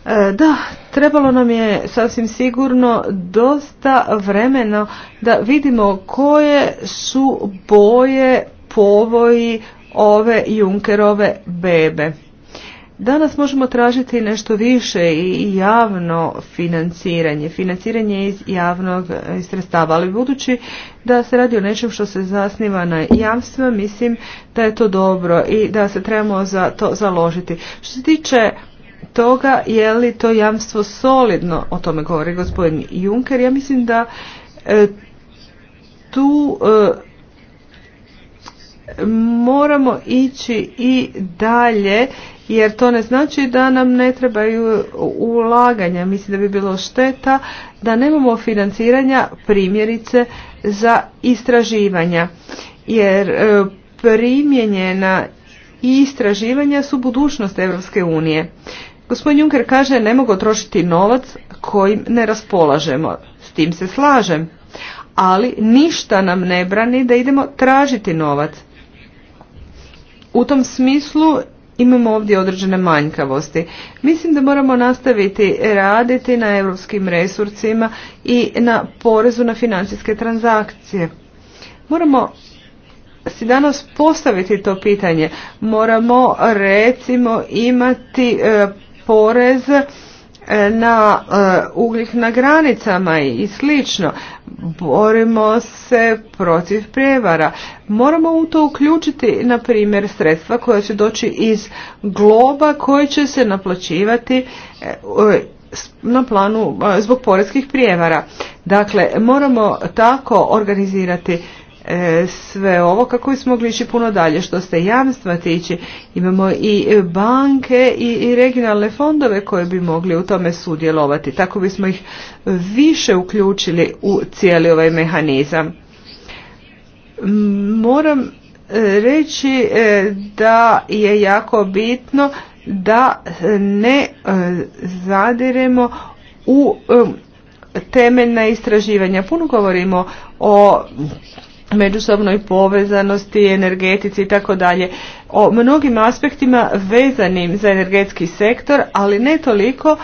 E, da, trebalo nam je sasvim sigurno dosta vremena da vidimo koje su boje povoji ove Junkerove bebe. Danas možemo tražiti nešto više i javno financiranje, financiranje iz javnog e, sredstava, ali budući da se radi o nečem što se zasniva na jamstva, mislim da je to dobro i da se trebamo za to založiti. Što se tiče toga je li to jamstvo solidno, o tome govori gospodin Juncker. Ja mislim da e, tu e, moramo ići i dalje jer to ne znači da nam ne trebaju ulaganja. Mislim da bi bilo šteta da nemamo financiranja primjerice za istraživanja. Jer e, primjenjena istraživanja su budućnost Europske unije. Gospodin Juncker kaže ne mogu trošiti novac kojim ne raspolažemo. S tim se slažem. Ali ništa nam ne brani da idemo tražiti novac. U tom smislu imamo ovdje određene manjkavosti. Mislim da moramo nastaviti raditi na europskim resursima i na porezu na financijske transakcije. Moramo si danas postaviti to pitanje. Moramo recimo imati e, porez e, na e, ugljih na granicama i slično. Borimo se protiv prijevara. Moramo u to uključiti, na primjer, sredstva koja će doći iz globa koje će se naplaćivati e, na planu zbog porezkih prijevara. Dakle, moramo tako organizirati E, sve ovo kako bismo mogli ići puno dalje što se jamstva tiče imamo i banke i, regionalne fondove koje bi mogli u tome sudjelovati tako bismo ih više uključili u cijeli ovaj mehanizam moram e, reći e, da je jako bitno da ne zadiremo u temeljna istraživanja puno govorimo o međusobnoj povezanosti, energetici i tako dalje. O mnogim aspektima vezanim za energetski sektor, ali ne toliko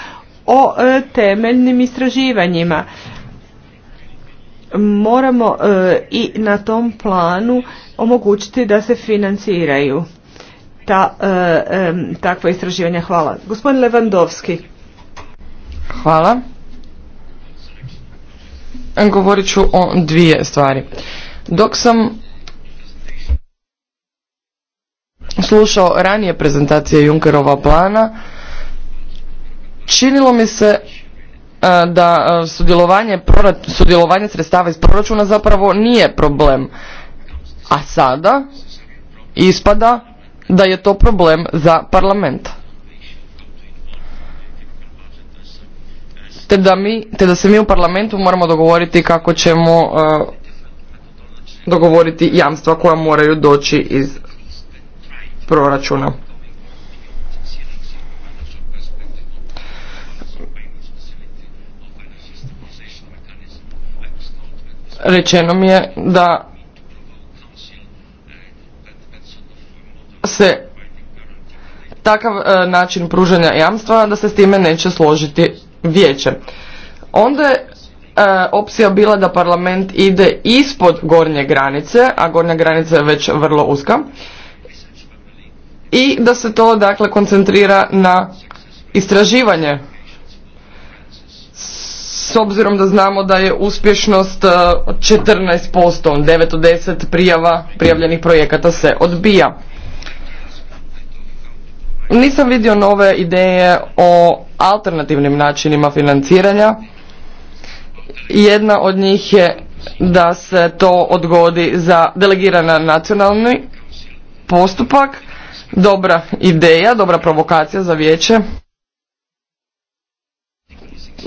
o e, temeljnim istraživanjima. Moramo e, i na tom planu omogućiti da se financiraju ta, e, takva istraživanja. Hvala. Gospodin Levandovski. Hvala. Govorit ću o dvije stvari. Dok sam slušao ranije prezentacije Junkerova plana, činilo mi se e, da e, sudjelovanje, sudjelovanje sredstava iz proračuna zapravo nije problem. A sada ispada da je to problem za parlament. Te da, mi, te da se mi u parlamentu moramo dogovoriti kako ćemo e, dogovoriti jamstva koja moraju doći iz proračuna. Rečeno mi je da se takav e, način pružanja jamstva da se s time neće složiti vijeće. Onda je E, opcija bila da parlament ide ispod gornje granice, a gornja granica je već vrlo uska, i da se to dakle koncentrira na istraživanje s obzirom da znamo da je uspješnost 14%, e, 9 od 10 prijava, prijavljenih projekata se odbija. Nisam vidio nove ideje o alternativnim načinima financiranja, jedna od njih je da se to odgodi za delegirana nacionalni postupak. Dobra ideja, dobra provokacija za vijeće.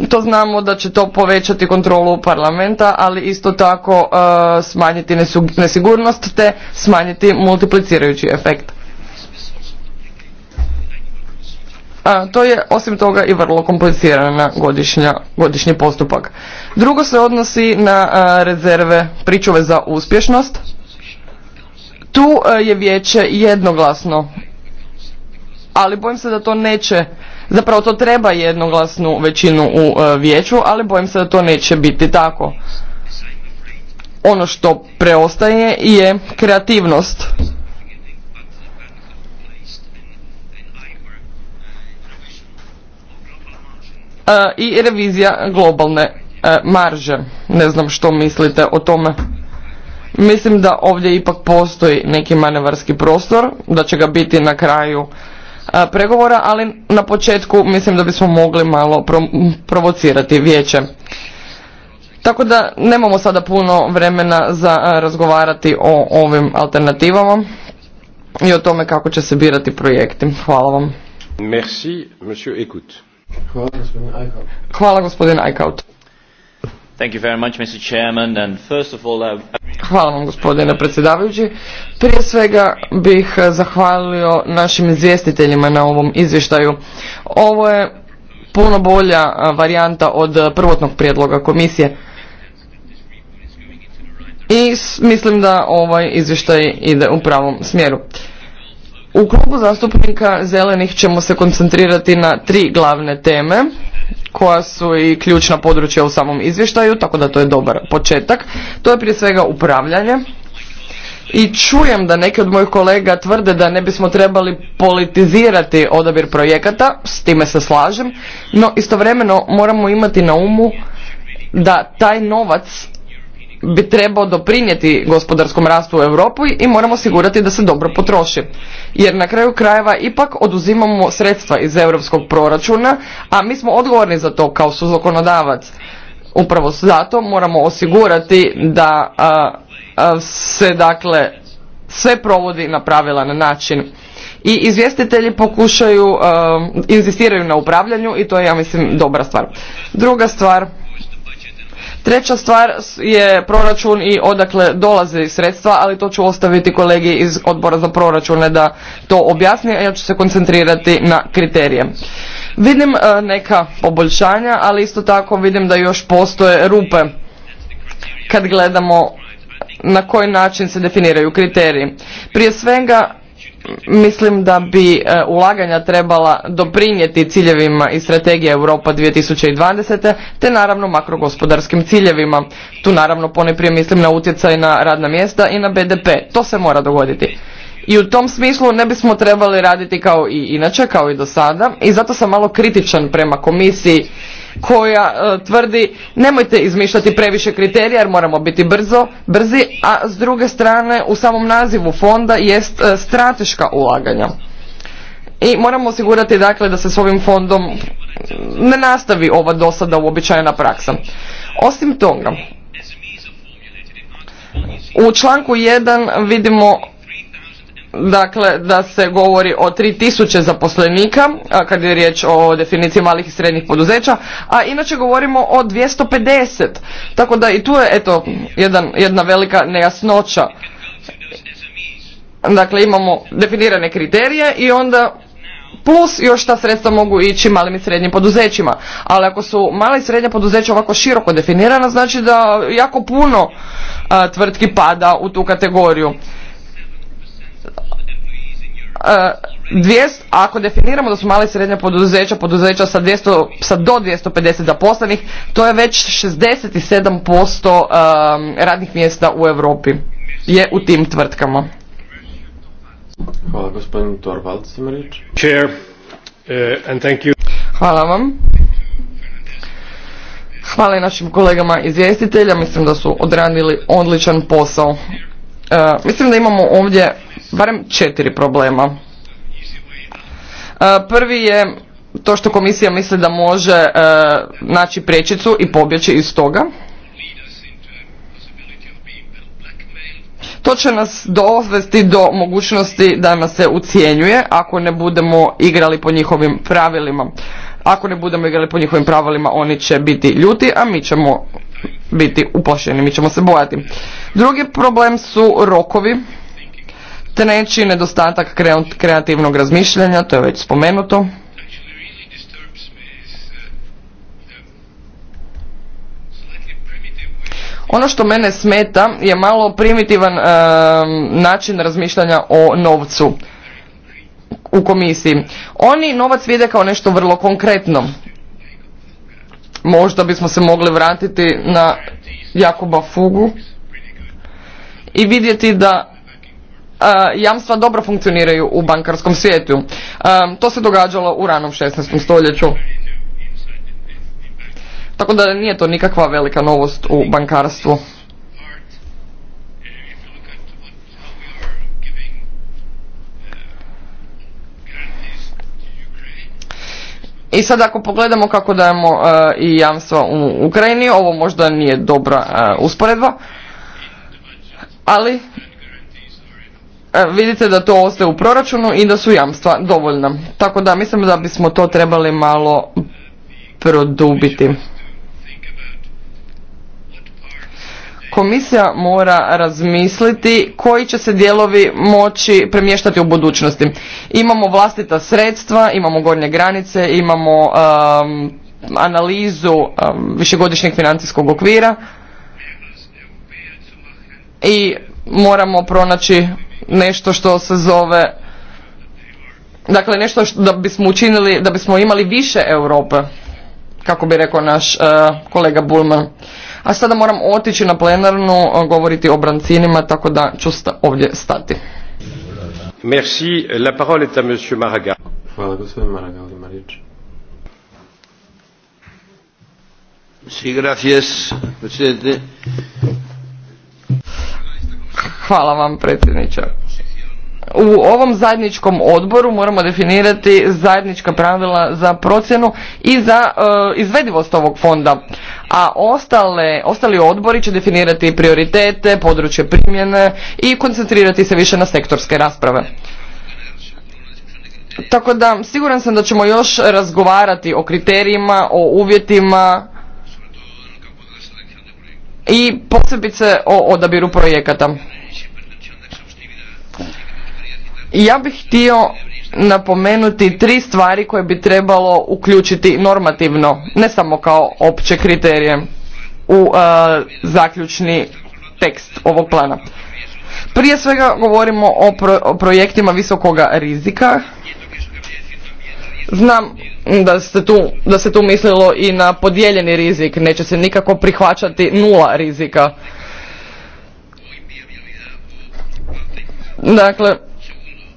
To znamo da će to povećati kontrolu parlamenta, ali isto tako e, smanjiti nesigurnost te smanjiti multiplicirajući efekt. To je osim toga i vrlo komplicirana godišnja, godišnji postupak. Drugo se odnosi na rezerve pričuve za uspješnost. Tu je vijeće jednoglasno, ali bojim se da to neće, zapravo to treba jednoglasnu većinu u vijeću, ali bojim se da to neće biti tako. Ono što preostaje je kreativnost E, i revizija globalne e, marže. Ne znam što mislite o tome. Mislim da ovdje ipak postoji neki manevarski prostor, da će ga biti na kraju e, pregovora, ali na početku mislim da bismo mogli malo provocirati vijeće. Tako da nemamo sada puno vremena za razgovarati o ovim alternativama i o tome kako će se birati projekti. Hvala vam. Merci, monsieur Hvala gospodin Eichhout. Hvala vam gospodine predsjedavajući. Prije svega bih eh, zahvalio našim izvjestiteljima na ovom izvještaju. Ovo je puno bolja eh, varijanta od eh, prvotnog prijedloga komisije. I mislim da ovaj izvještaj ide u pravom smjeru. U klubu zastupnika zelenih ćemo se koncentrirati na tri glavne teme koja su i ključna područja u samom izvještaju, tako da to je dobar početak. To je prije svega upravljanje. I čujem da neki od mojih kolega tvrde da ne bismo trebali politizirati odabir projekata, s time se slažem, no istovremeno moramo imati na umu da taj novac bi trebao doprinijeti gospodarskom rastu u Europi i moramo osigurati da se dobro potroši. Jer na kraju krajeva ipak oduzimamo sredstva iz europskog proračuna, a mi smo odgovorni za to kao su zakonodavac. Upravo zato moramo osigurati da se dakle sve provodi na pravilan način. I izvjestitelji pokušaju, uh, inzistiraju na upravljanju i to je, ja mislim, dobra stvar. Druga stvar, Treća stvar je proračun i odakle dolaze sredstva, ali to ću ostaviti kolegi iz odbora za proračune da to objasni, a ja ću se koncentrirati na kriterije. Vidim e, neka poboljšanja, ali isto tako vidim da još postoje rupe kad gledamo na koji način se definiraju kriteriji. Prije svega mislim da bi e, ulaganja trebala doprinijeti ciljevima i strategije Europa 2020. te naravno makrogospodarskim ciljevima. Tu naravno poneprije mislim na utjecaj na radna mjesta i na BDP. To se mora dogoditi. I u tom smislu ne bismo trebali raditi kao i inače, kao i do sada. I zato sam malo kritičan prema komisiji koja e, tvrdi nemojte izmišljati previše kriterija jer moramo biti brzo, brzi, a s druge strane u samom nazivu fonda jest e, strateška ulaganja. I moramo osigurati dakle da se s ovim fondom ne nastavi ova dosada uobičajena praksa. Osim toga, u članku 1 vidimo dakle da se govori o 3000 zaposlenika kad je riječ o definiciji malih i srednjih poduzeća, a inače govorimo o 250. Tako da i tu je eto jedan, jedna velika nejasnoća. Dakle imamo definirane kriterije i onda plus još ta sredstva mogu ići malim i srednjim poduzećima. Ali ako su mala i srednja poduzeća ovako široko definirana, znači da jako puno tvrtki pada u tu kategoriju. 200, e, ako definiramo da su mali i srednja poduzeća, poduzeća sa, 200, sa do 250 zaposlenih, to je već 67% radnih mjesta u Europi je u tim tvrtkama. Hvala gospodin Torvalds ima riječ. Chair, uh, and thank you. Hvala vam. Hvala i našim kolegama izvjestitelja, mislim da su odranili odličan posao. Uh, mislim da imamo ovdje barem četiri problema. E, prvi je to što komisija misli da može e, naći prečicu i pobjeći iz toga. To će nas dovesti do mogućnosti da nas se ucijenjuje ako ne budemo igrali po njihovim pravilima. Ako ne budemo igrali po njihovim pravilima, oni će biti ljuti, a mi ćemo biti uplašeni, mi ćemo se bojati. Drugi problem su rokovi Treći nedostatak kreativnog razmišljanja, to je već spomenuto. Ono što mene smeta je malo primitivan e, način razmišljanja o novcu u komisiji. Oni novac vide kao nešto vrlo konkretno. Možda bismo se mogli vratiti na Jakuba Fugu i vidjeti da Eh, jamstva dobro funkcioniraju u bankarskom svijetu. To se događalo u ranom 16. stoljeću. Tako da nije to nikakva velika novost u bankarstvu. I sad ako pogledamo kako dajemo eh, i jamstva u Ukrajini, ovo možda nije dobra eh, usporedba, ali E, vidite da to ostaje u proračunu i da su jamstva dovoljna. Tako da mislim da bismo to trebali malo produbiti. Komisija mora razmisliti koji će se dijelovi moći premještati u budućnosti. Imamo vlastita sredstva, imamo gornje granice, imamo analizu višegodišnjeg financijskog okvira i moramo pronaći nešto što se zove dakle nešto što, da bismo učinili da bismo imali više Europe kako bi rekao naš uh, kolega Bulman a sada moram otići na plenarnu uh, govoriti o brancinima tako da ću sta, ovdje stati Merci. La parole est à monsieur Maraga. Hvala gospodin Maraga, Sí, gracias, presidente. Hvala vam predsjedniče. U ovom zajedničkom odboru moramo definirati zajednička pravila za procjenu i za e, izvedivost ovog fonda, a ostale, ostali odbori će definirati prioritete, područje primjene i koncentrirati se više na sektorske rasprave. Tako da siguran sam da ćemo još razgovarati o kriterijima, o uvjetima, i posebice o odabiru projekata. ja bih htio napomenuti tri stvari koje bi trebalo uključiti normativno, ne samo kao opće kriterije u e, zaključni tekst ovog plana. Prije svega govorimo o, o projektima visokoga rizika Znam da se, tu, da se mislilo i na podijeljeni rizik, neće se nikako prihvaćati nula rizika. Dakle,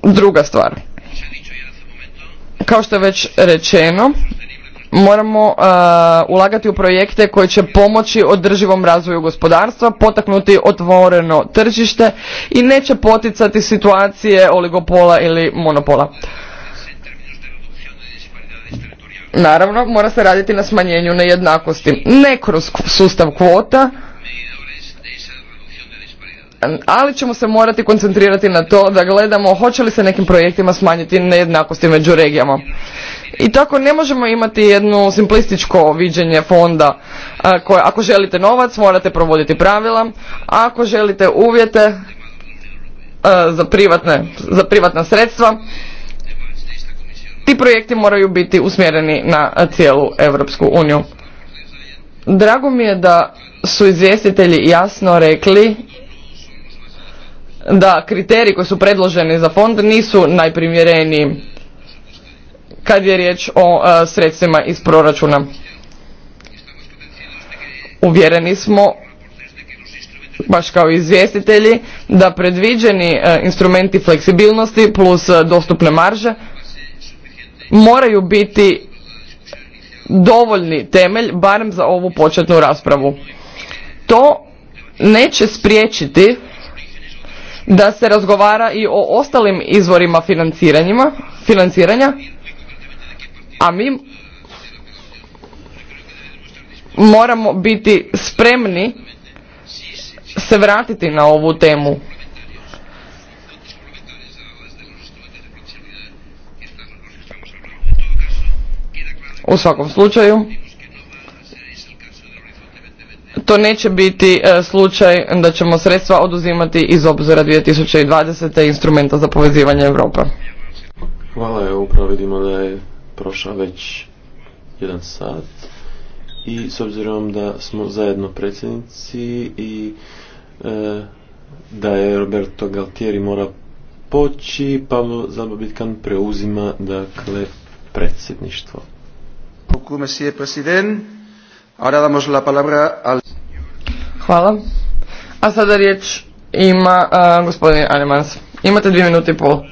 druga stvar. Kao što je već rečeno, moramo uh, ulagati u projekte koji će pomoći održivom razvoju gospodarstva, potaknuti otvoreno tržište i neće poticati situacije oligopola ili monopola. Naravno, mora se raditi na smanjenju nejednakosti. Ne kroz sustav kvota, ali ćemo se morati koncentrirati na to da gledamo hoće li se nekim projektima smanjiti nejednakosti među regijama. I tako ne možemo imati jedno simplističko viđenje fonda koje ako želite novac morate provoditi pravila, a ako želite uvjete za, privatne, za privatna sredstva ti projekti moraju biti usmjereni na cijelu Europsku uniju. Drago mi je da su izvjestitelji jasno rekli da kriteriji koji su predloženi za fond nisu najprimjereniji kad je riječ o e, sredstvima iz proračuna. Uvjereni smo, baš kao izvjestitelji, da predviđeni e, instrumenti fleksibilnosti plus e, dostupne marže moraju biti dovoljni temelj barem za ovu početnu raspravu. To neće spriječiti da se razgovara i o ostalim izvorima financiranja, a mi moramo biti spremni se vratiti na ovu temu. U svakom slučaju, to neće biti e, slučaj da ćemo sredstva oduzimati iz obzora 2020. instrumenta za povezivanje Europe. Hvala, evo upravo vidimo da je prošao već jedan sat i s obzirom da smo zajedno predsjednici i e, da je Roberto Galtieri mora poći, Pavlo zabobitkan preuzima dakle predsjedništvo. Hvala. A sada riječ ima uh, gospodin Imate dvije minute i pol.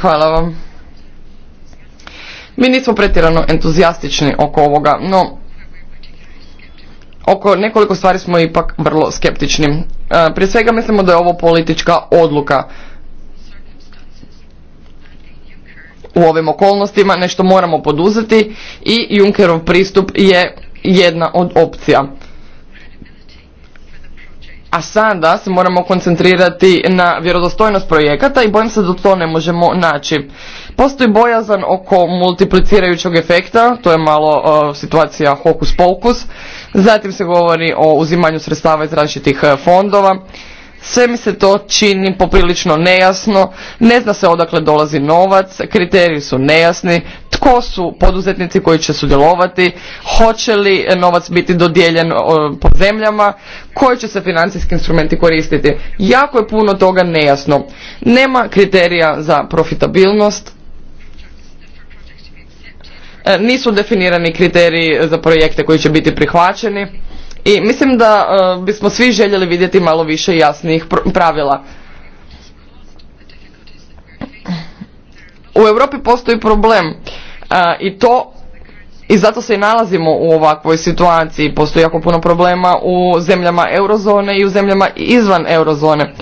Hvala vam. Mi nismo pretjerano entuzijastični oko ovoga, no oko nekoliko stvari smo ipak vrlo skeptični. Prije svega mislimo da je ovo politička odluka u ovim okolnostima nešto moramo poduzeti i Junckerov pristup je jedna od opcija. A sada se moramo koncentrirati na vjerodostojnost projekata i bojim se da to ne možemo naći. Postoji bojazan oko multiplicirajućeg efekta, to je malo e, situacija hokus pokus. Zatim se govori o uzimanju sredstava iz različitih e, fondova. Sve mi se to čini poprilično nejasno, ne zna se odakle dolazi novac, kriteriji su nejasni, tko su poduzetnici koji će sudjelovati, hoće li novac biti dodijeljen po zemljama, koji će se financijski instrumenti koristiti. Jako je puno toga nejasno. Nema kriterija za profitabilnost, e, nisu definirani kriteriji za projekte koji će biti prihvaćeni i mislim da e, bismo svi željeli vidjeti malo više jasnijih pravila. U Europi postoji problem e, i to i zato se i nalazimo u ovakvoj situaciji. Postoji jako puno problema u zemljama eurozone i u zemljama izvan eurozone.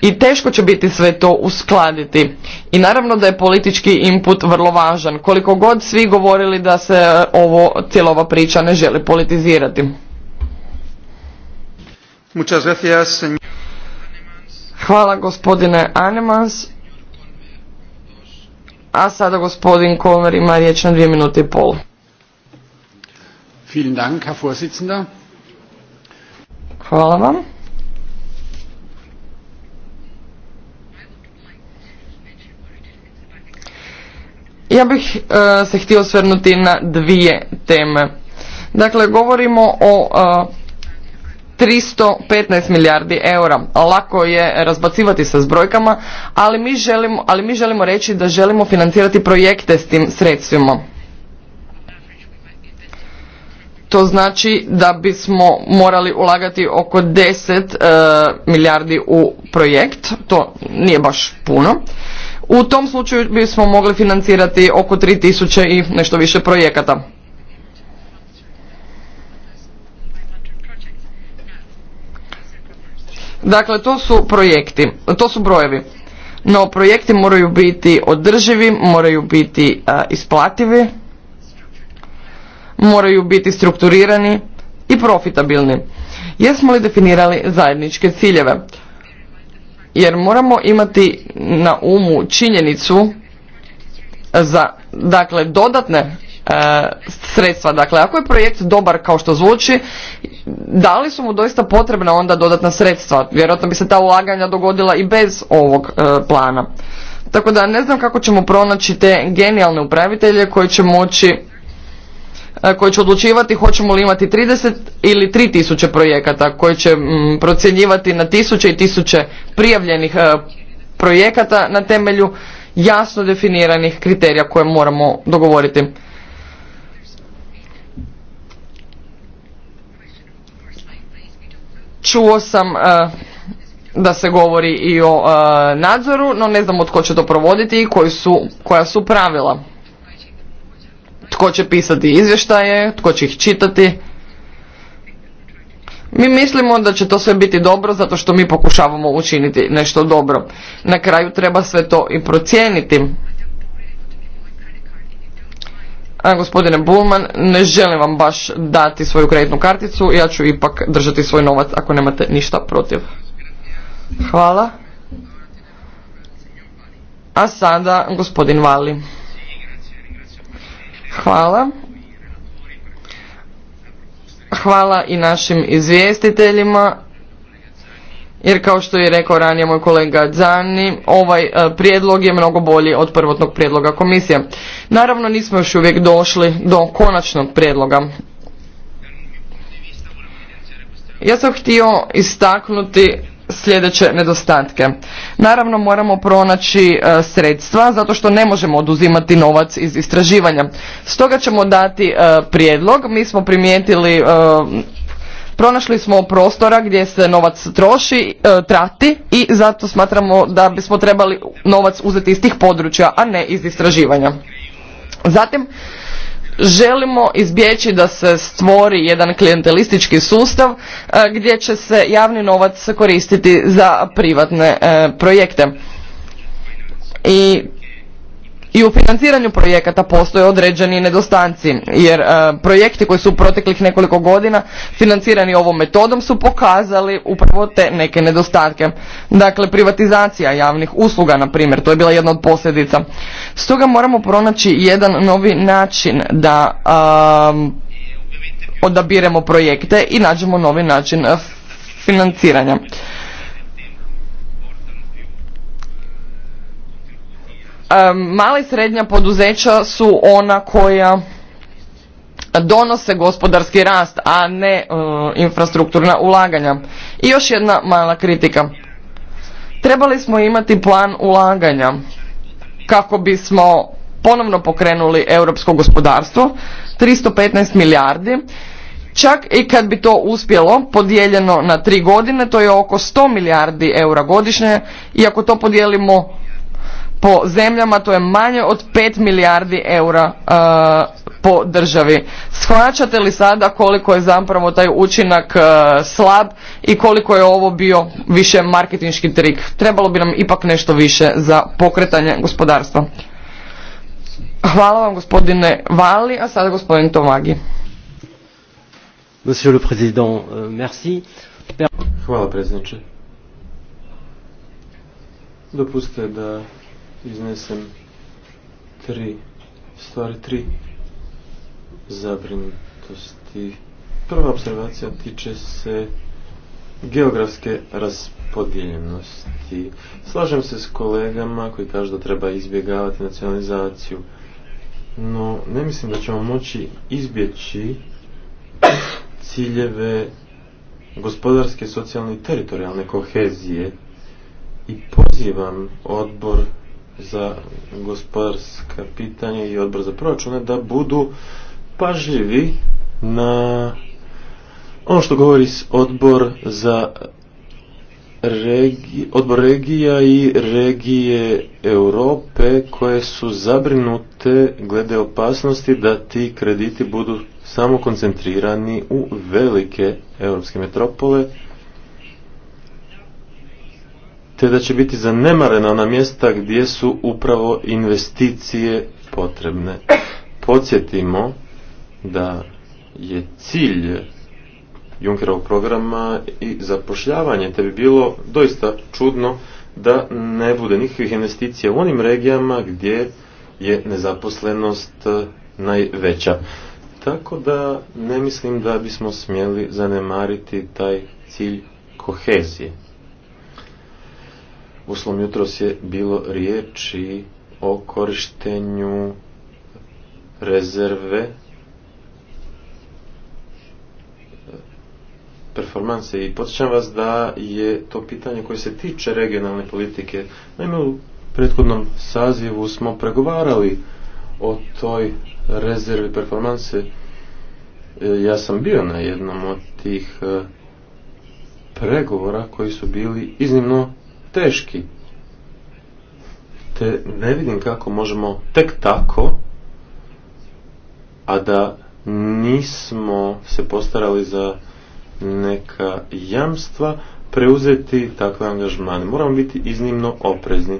I teško će biti sve to uskladiti. I naravno da je politički input vrlo važan. Koliko god svi govorili da se e, ovo, cijela ova priča ne želi politizirati. Muchas Hvala gospodine Anemans. A sada gospodin Kolner ima riječ na dvije minute i pol. Vielen Dank, Herr Vorsitzender. Hvala vam. Ja bih e, se htio osvrnuti na dvije teme. Dakle, govorimo o e, 315 milijardi eura. Lako je razbacivati se s brojkama, ali mi želimo, ali mi želimo reći da želimo financirati projekte s tim sredstvima. To znači da bismo morali ulagati oko 10 e, milijardi u projekt, to nije baš puno. U tom slučaju bismo mogli financirati oko 3000 i nešto više projekata. Dakle, to su projekti, to su brojevi. No, projekti moraju biti održivi, moraju biti isplativi, moraju biti strukturirani i profitabilni. Jesmo li definirali zajedničke ciljeve? Jer moramo imati na umu činjenicu za dakle dodatne E, sredstva. Dakle, ako je projekt dobar kao što zvuči, da li su mu doista potrebna onda dodatna sredstva? Vjerojatno bi se ta ulaganja dogodila i bez ovog e, plana. Tako da ne znam kako ćemo pronaći te genijalne upravitelje koji će moći e, koji će odlučivati hoćemo li imati 30 ili 3000 projekata, koji će procjenjivati na tisuće i tisuće prijavljenih projekata na temelju jasno definiranih kriterija koje moramo dogovoriti. Čuo sam e, da se govori i o e, nadzoru, no ne znamo tko će to provoditi i koja su pravila. Tko će pisati izvještaje, tko će ih čitati. Mi mislimo da će to sve biti dobro zato što mi pokušavamo učiniti nešto dobro. Na kraju treba sve to i procijeniti a, gospodine Bulman, ne želim vam baš dati svoju kreditnu karticu, ja ću ipak držati svoj novac ako nemate ništa protiv. Hvala. A sada gospodin Vali. Hvala. Hvala i našim izvjestiteljima jer kao što je rekao ranije moj kolega Zani, ovaj e, prijedlog je mnogo bolji od prvotnog prijedloga komisije. Naravno nismo još uvijek došli do konačnog prijedloga. Ja sam htio istaknuti sljedeće nedostatke. Naravno moramo pronaći e, sredstva zato što ne možemo oduzimati novac iz istraživanja. Stoga ćemo dati e, prijedlog. Mi smo primijetili Pronašli smo prostora gdje se novac troši, e, trati i zato smatramo da bismo trebali novac uzeti iz tih područja, a ne iz istraživanja. Zatim, želimo izbjeći da se stvori jedan klijentelistički sustav e, gdje će se javni novac koristiti za privatne e, projekte. I i u financiranju projekata postoje određeni nedostanci, jer e, projekti koji su u proteklih nekoliko godina financirani ovom metodom su pokazali upravo te neke nedostatke. Dakle, privatizacija javnih usluga, na primjer, to je bila jedna od posljedica. Stoga moramo pronaći jedan novi način da odabiremo projekte i nađemo novi način e, financiranja. mala i srednja poduzeća su ona koja donose gospodarski rast, a ne e, infrastrukturna ulaganja. I još jedna mala kritika. Trebali smo imati plan ulaganja kako bismo ponovno pokrenuli europsko gospodarstvo, 315 milijardi, čak i kad bi to uspjelo podijeljeno na tri godine, to je oko 100 milijardi eura godišnje i ako to podijelimo po zemljama to je manje od 5 milijardi eura e, po državi. Shvaćate li sada koliko je zapravo taj učinak e, slab i koliko je ovo bio više marketinški trik? Trebalo bi nam ipak nešto više za pokretanje gospodarstva. Hvala vam gospodine Vali, a sada gospodin Tomagi. Monsieur le Président, euh, merci. Hvala da iznesem tri stvari, tri zabrinutosti. Prva observacija tiče se geografske raspodijeljenosti. Slažem se s kolegama koji kažu da treba izbjegavati nacionalizaciju, no ne mislim da ćemo moći izbjeći ciljeve gospodarske, socijalne i teritorijalne kohezije i pozivam odbor za gospodarska pitanja i odbor za proračune da budu pažljivi na ono što govori odbor za odbor regija i regije Europe koje su zabrinute glede opasnosti da ti krediti budu samo koncentrirani u velike europske metropole te da će biti zanemarena na mjesta gdje su upravo investicije potrebne. Podsjetimo da je cilj Junkerovog programa i zapošljavanje, te bi bilo doista čudno da ne bude nikakvih investicija u onim regijama gdje je nezaposlenost e, najveća. Tako da ne mislim da bismo smjeli zanemariti taj cilj kohezije svom jutros je bilo riječi o korištenju rezerve performanse i podsjećam vas da je to pitanje koje se tiče regionalne politike. Naime, u prethodnom sazivu smo pregovarali o toj rezervi performanse. Ja sam bio na jednom od tih e, pregovora koji su bili iznimno teški. Te ne vidim kako možemo tek tako, a da nismo se postarali za neka jamstva, preuzeti takve angažmane. Moramo biti iznimno oprezni.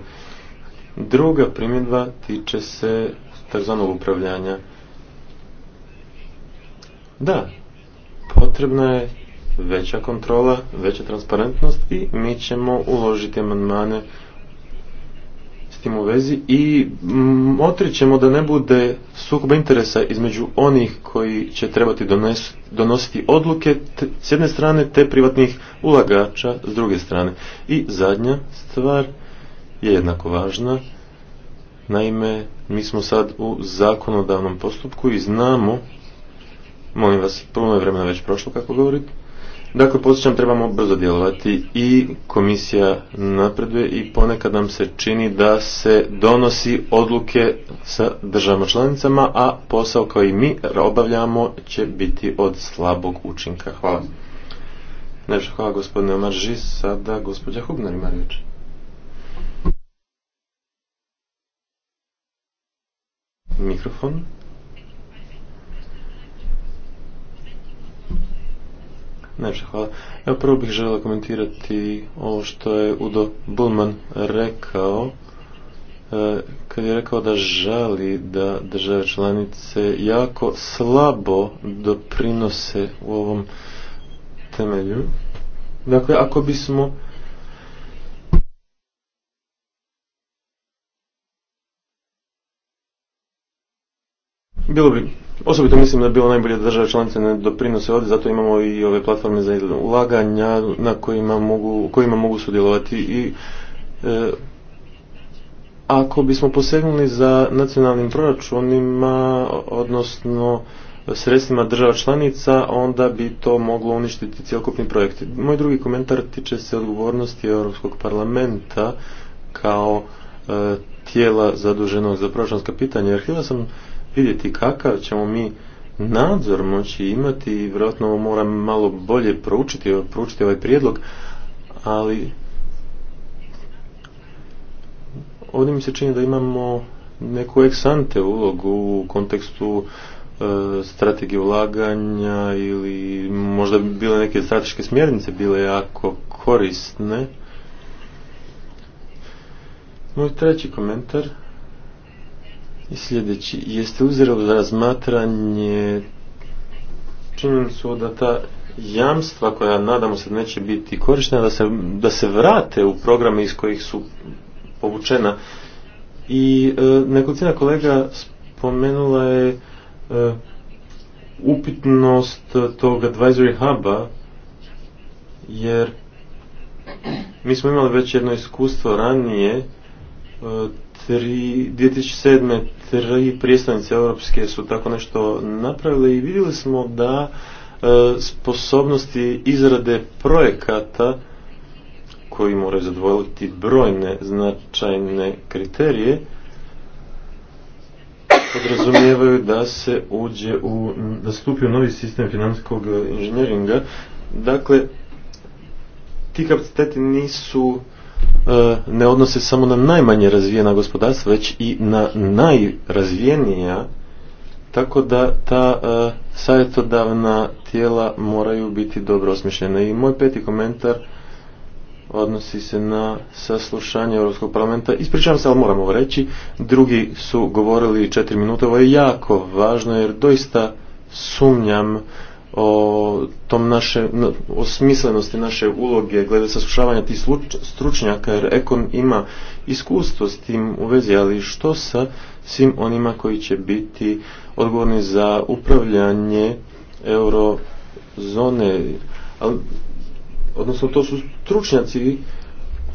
Druga primjedba tiče se takzvanog upravljanja. Da, potrebna je veća kontrola, veća transparentnost i mi ćemo uložiti amandmane s tim u vezi i mm, otrićemo da ne bude sukoba interesa između onih koji će trebati donositi odluke s jedne strane te privatnih ulagača s druge strane. I zadnja stvar je jednako važna. Naime, mi smo sad u zakonodavnom postupku i znamo, molim vas, puno je vremena već prošlo kako govorite, Dakle, posjećam, trebamo brzo djelovati i komisija napreduje i ponekad nam se čini da se donosi odluke sa državama članicama, a posao koji mi obavljamo će biti od slabog učinka. Hvala. Najviše hvala gospodine Omarži, sada gospođa Hubner ima riječ. Mikrofon. Ja hvala. Evo prvo bih želio komentirati ovo što je Udo Bulman rekao e, kad je rekao da žali da države članice jako slabo doprinose u ovom temelju. Dakle, ako bismo bilo bi Osobito mislim da je bilo najbolje da države članice ne doprinose ovdje, zato imamo i ove platforme za ulaganja na kojima mogu, kojima mogu sudjelovati i e, ako bismo posegnuli za nacionalnim proračunima, odnosno sredstvima država članica, onda bi to moglo uništiti cjelokupni projekti. Moj drugi komentar tiče se odgovornosti Europskog parlamenta kao e, tijela zaduženog za proračunska pitanja, jer htjela sam vidjeti kakav ćemo mi nadzor moći imati i vjerojatno moram malo bolje proučiti, proučiti ovaj prijedlog, ali ovdje mi se čini da imamo neku eksante ulogu u kontekstu e, strategije ulaganja ili možda bi bile neke strateške smjernice bile jako korisne. Moj treći komentar i sljedeći, jeste uzirao za razmatranje činjenicu da ta jamstva koja nadamo se neće biti korištena, da se, da se vrate u programe iz kojih su povučena. I e, nekolicina kolega spomenula je e, upitnost tog advisory huba, jer mi smo imali već jedno iskustvo ranije e, tri, 2007. tri predstavnice europske su tako nešto napravile i vidjeli smo da e, sposobnosti izrade projekata koji moraju zadovoljiti brojne značajne kriterije podrazumijevaju da se uđe u, da stupi u novi sistem financijskog inženjeringa. Dakle, ti kapaciteti nisu E, ne odnose samo na najmanje razvijena gospodarstva, već i na najrazvijenija, tako da ta e, savjetodavna tijela moraju biti dobro osmišljena. I moj peti komentar odnosi se na saslušanje Europskog parlamenta. Ispričavam se, ali moram ovo reći. Drugi su govorili četiri minute. Ovo je jako važno jer doista sumnjam o tom naše, o smislenosti naše uloge glede saslušavanja tih stručnjaka jer Ekon ima iskustvo s tim u vezi, ali što sa svim onima koji će biti odgovorni za upravljanje eurozone, ali, odnosno to su stručnjaci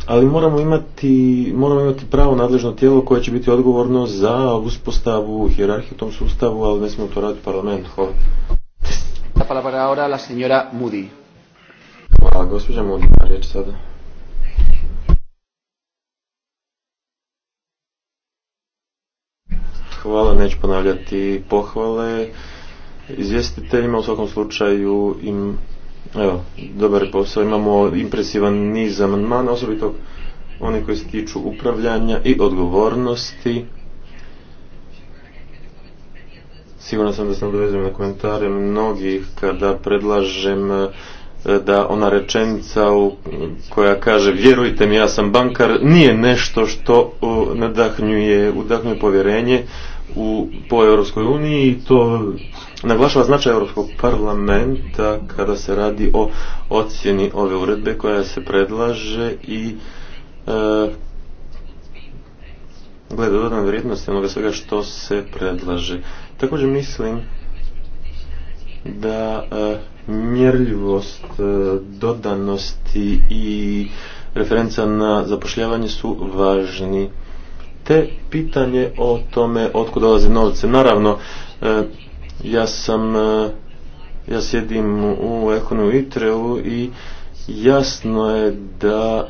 ali moramo imati, moramo imati pravo nadležno tijelo koje će biti odgovorno za uspostavu hjerarhije u tom sustavu, ali ne smo to raditi parlament. Hvala. Hvala, riječ Hvala, neću ponavljati pohvale. Izvjestiteljima u svakom slučaju im, evo, dobar posao. Imamo impresivan niz amandmana, osobito oni koji se tiču upravljanja i odgovornosti. Sigurno sam da se dovezio na komentare mnogih kada predlažem eh, da ona rečenica koja kaže vjerujte mi ja sam bankar nije nešto što nadahnjuje, udahnjuje povjerenje u, po Europskoj uniji i to naglašava značaj Europskog parlamenta kada se radi o ocjeni ove uredbe koja se predlaže i eh, glede dodane vrijednosti, onoga svega što se predlaže. Također mislim da e, mjerljivost e, dodanosti i referenca na zapošljavanje su važni. Te pitanje o tome otkud dolaze novce. Naravno, e, ja sam ja sjedim u Ekonu i jasno je da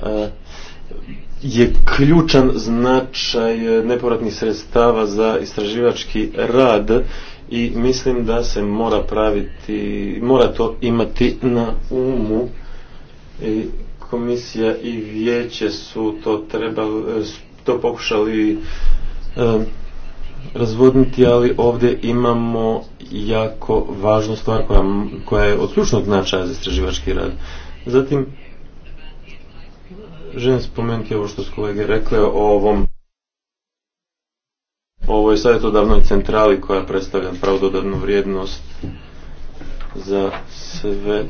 je ključan značaj nepovratnih sredstava za istraživački rad i mislim da se mora praviti, mora to imati na umu i komisija i vijeće su to trebali, to pokušali eh, razvodniti, ali ovdje imamo jako važnu stvar koja, koja je od ključnog značaja za istraživački rad. Zatim, želim spomenuti ovo što su kolege rekle o ovom ovoj savjetodavnoj centrali koja predstavlja pravododavnu vrijednost za sve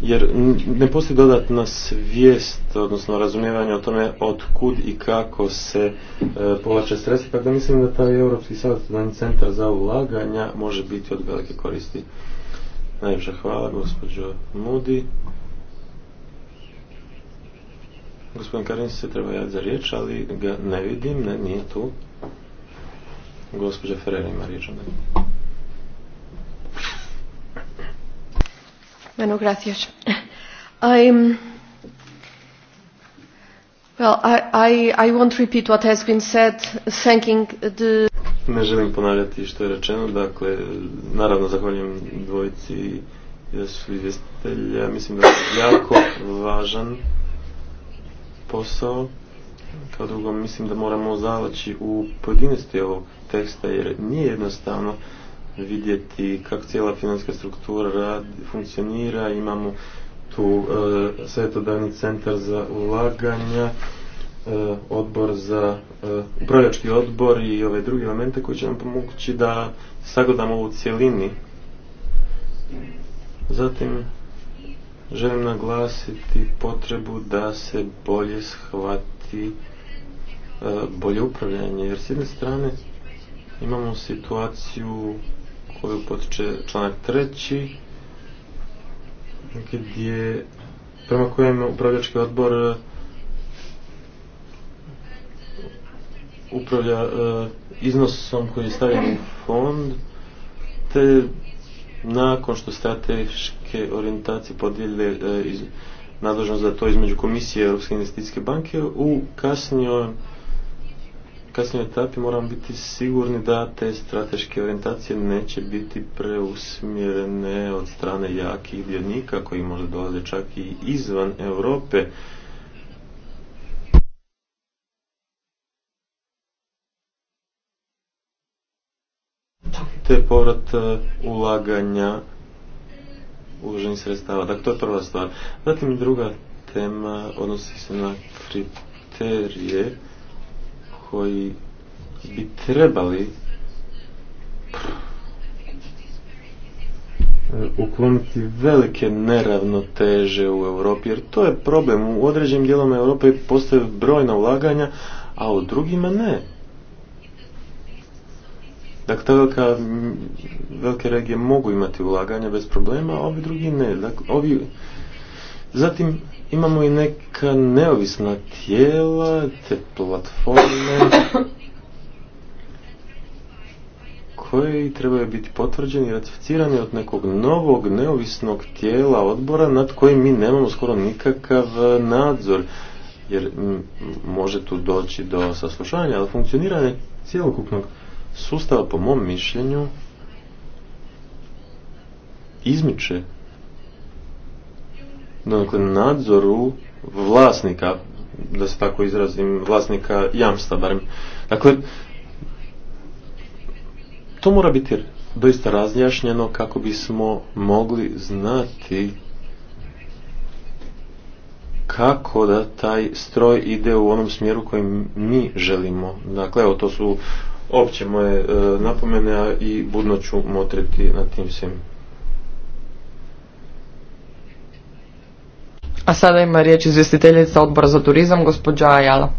jer ne postoji dodatna svijest, odnosno razumijevanje o tome od kud i kako se e, povlače sredstva, tako da mislim da taj Europski savjetodavni centar za ulaganja može biti od velike koristi. Najljepša hvala, gospođo Mudi. Gospodin Karin se treba javiti za riječ, ali ga ne vidim, ne, nije tu. Gospođa Ferrer ima riječ onda. Bueno, gracias. Um, I, Ne želim ponavljati što je rečeno, dakle, naravno zahvaljujem dvojici su izvjestitelja, mislim da je jako važan posao. Kao drugo, mislim da moramo zalaći u pojedinosti ovog teksta, jer nije jednostavno vidjeti kako cijela financijska struktura funkcionira, imamo tu e, savjetodavni centar za ulaganja, e, odbor za e, upravljački odbor i ove druge elemente koji će nam pomoći da sagledamo u cjelini. Zatim želim naglasiti potrebu da se bolje shvati e, bolje upravljanje, jer s jedne strane imamo situaciju koju potiče članak treći, gdje prema kojem upravljački odbor e, upravlja e, iznosom koji je stavljen u fond te nakon što strateške orijentacije podijele e, nadležnost za to između komisije Europske investicijske banke u kasnijoj kasnijoj etapi moramo biti sigurni da te strateške orijentacije neće biti preusmjerene od strane jakih dionika koji možda dolaze čak i izvan Europe. Te povrat e, ulaganja uloženih sredstava. Dakle, to je prva stvar. Zatim druga tema odnosi se na kriterije koji bi trebali ukloniti velike neravnoteže u Europi, jer to je problem. U određenim dijelom Europe postoje brojna ulaganja, a u drugima ne. Dakle, ta velike regije mogu imati ulaganja bez problema, a ovi drugi ne. Dakle, ovi Zatim imamo i neka neovisna tijela, te platforme koji trebaju biti potvrđeni i ratificirani od nekog novog neovisnog tijela odbora nad kojim mi nemamo skoro nikakav nadzor jer može tu doći do saslušanja, ali funkcioniranje cijelokupnog sustava po mom mišljenju izmiče dakle, nadzoru vlasnika, da se tako izrazim, vlasnika jamsta barem. Dakle, to mora biti doista razjašnjeno kako bismo mogli znati kako da taj stroj ide u onom smjeru kojim mi želimo. Dakle, evo, to su opće moje e, napomene i budno ću motriti na tim svim A sada ima riječ izvjestiteljica odbora za turizam, gospođa Ajala.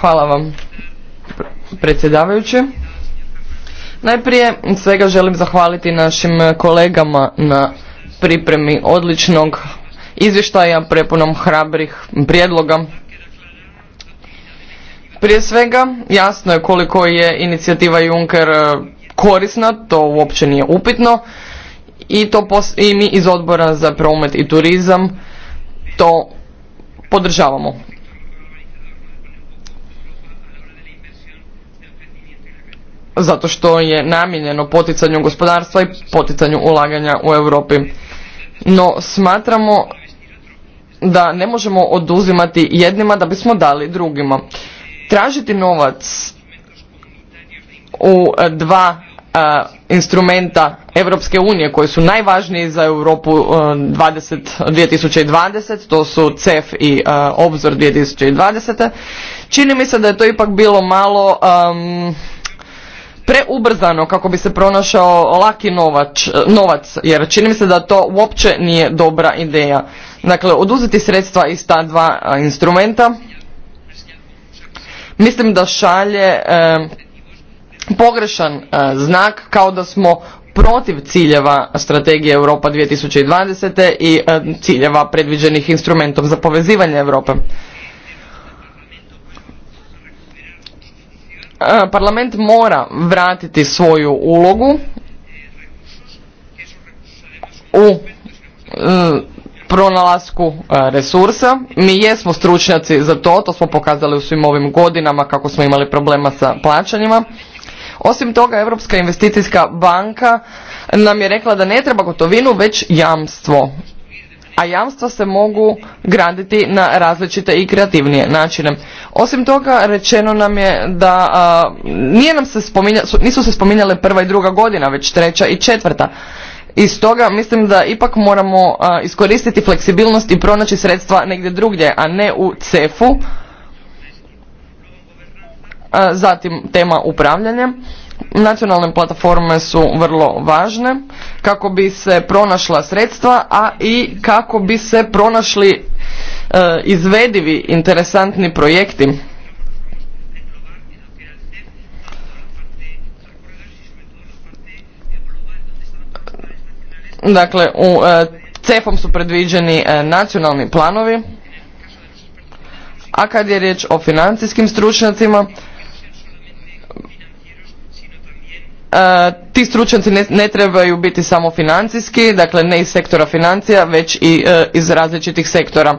Hvala vam, predsjedavajući. Najprije svega želim zahvaliti našim kolegama na pripremi odličnog izvještaja prepunom hrabrih prijedloga. Prije svega, jasno je koliko je inicijativa Juncker korisna, to uopće nije upitno, i, to pos i mi iz odbora za promet i turizam to podržavamo. Zato što je namijenjeno poticanju gospodarstva i poticanju ulaganja u Europi. No smatramo da ne možemo oduzimati jednima da bismo dali drugima. Tražiti novac u dva E, instrumenta Europske unije koji su najvažniji za Europu 20, e, 2020, to su CEF i e, dvije Obzor 2020. Čini mi se da je to ipak bilo malo preubrzano kako bi se pronašao laki novač, novac, jer čini mi se da to uopće nije dobra ideja. Dakle, oduzeti sredstva iz ta dva instrumenta mislim da šalje pogrešan e, znak kao da smo protiv ciljeva strategije Europa 2020. i e, ciljeva predviđenih instrumentom za povezivanje Europe. E, parlament mora vratiti svoju ulogu u pronalasku resursa. Mi jesmo stručnjaci za to, to smo pokazali u svim ovim godinama kako smo imali problema sa plaćanjima. Osim toga, Europska investicijska banka nam je rekla da ne treba gotovinu, već jamstvo. A jamstva se mogu graditi na različite i kreativnije načine. Osim toga, rečeno nam je da nije nisu se spominjale prva i druga godina, već treća i četvrta. I stoga mislim da ipak moramo iskoristiti fleksibilnost i pronaći sredstva negdje drugdje, a ne u cefu Zatim tema upravljanja. Nacionalne platforme su vrlo važne kako bi se pronašla sredstva, a i kako bi se pronašli e, izvedivi interesantni projekti. Dakle, u e, CEF-om su predviđeni e, nacionalni planovi, a kad je riječ o financijskim stručnjacima, E, ti stručnjaci ne, trebaju biti samo financijski, dakle ne iz sektora financija, već i e, iz različitih sektora.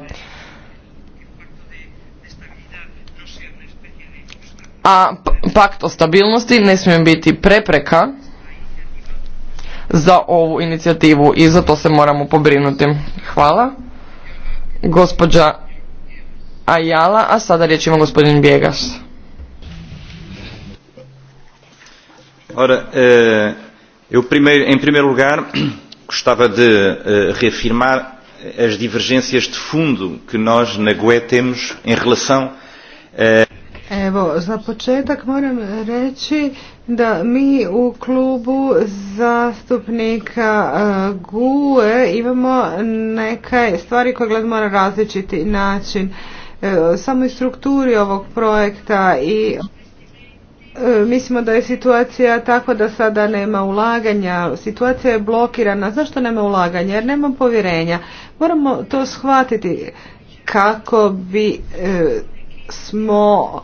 a pakt o stabilnosti ne smije biti prepreka za ovu inicijativu i za to se moramo pobrinuti. Hvala. Gospođa Ajala, a sada riječ ima gospodin Bjegas. Ora, eh, eu primeiro, em primeiro lugar gostava de eh, reafirmar eh, as divergências de fundo que nós na GUE temos em relação Evo, za početak moram reći da mi u klubu zastupnika GUE imamo neke stvari koje gledamo na različiti način. Samo i strukturi ovog projekta i E, mislimo da je situacija tako da sada nema ulaganja, situacija je blokirana. Zašto nema ulaganja? Jer nema povjerenja. Moramo to shvatiti kako bi e, smo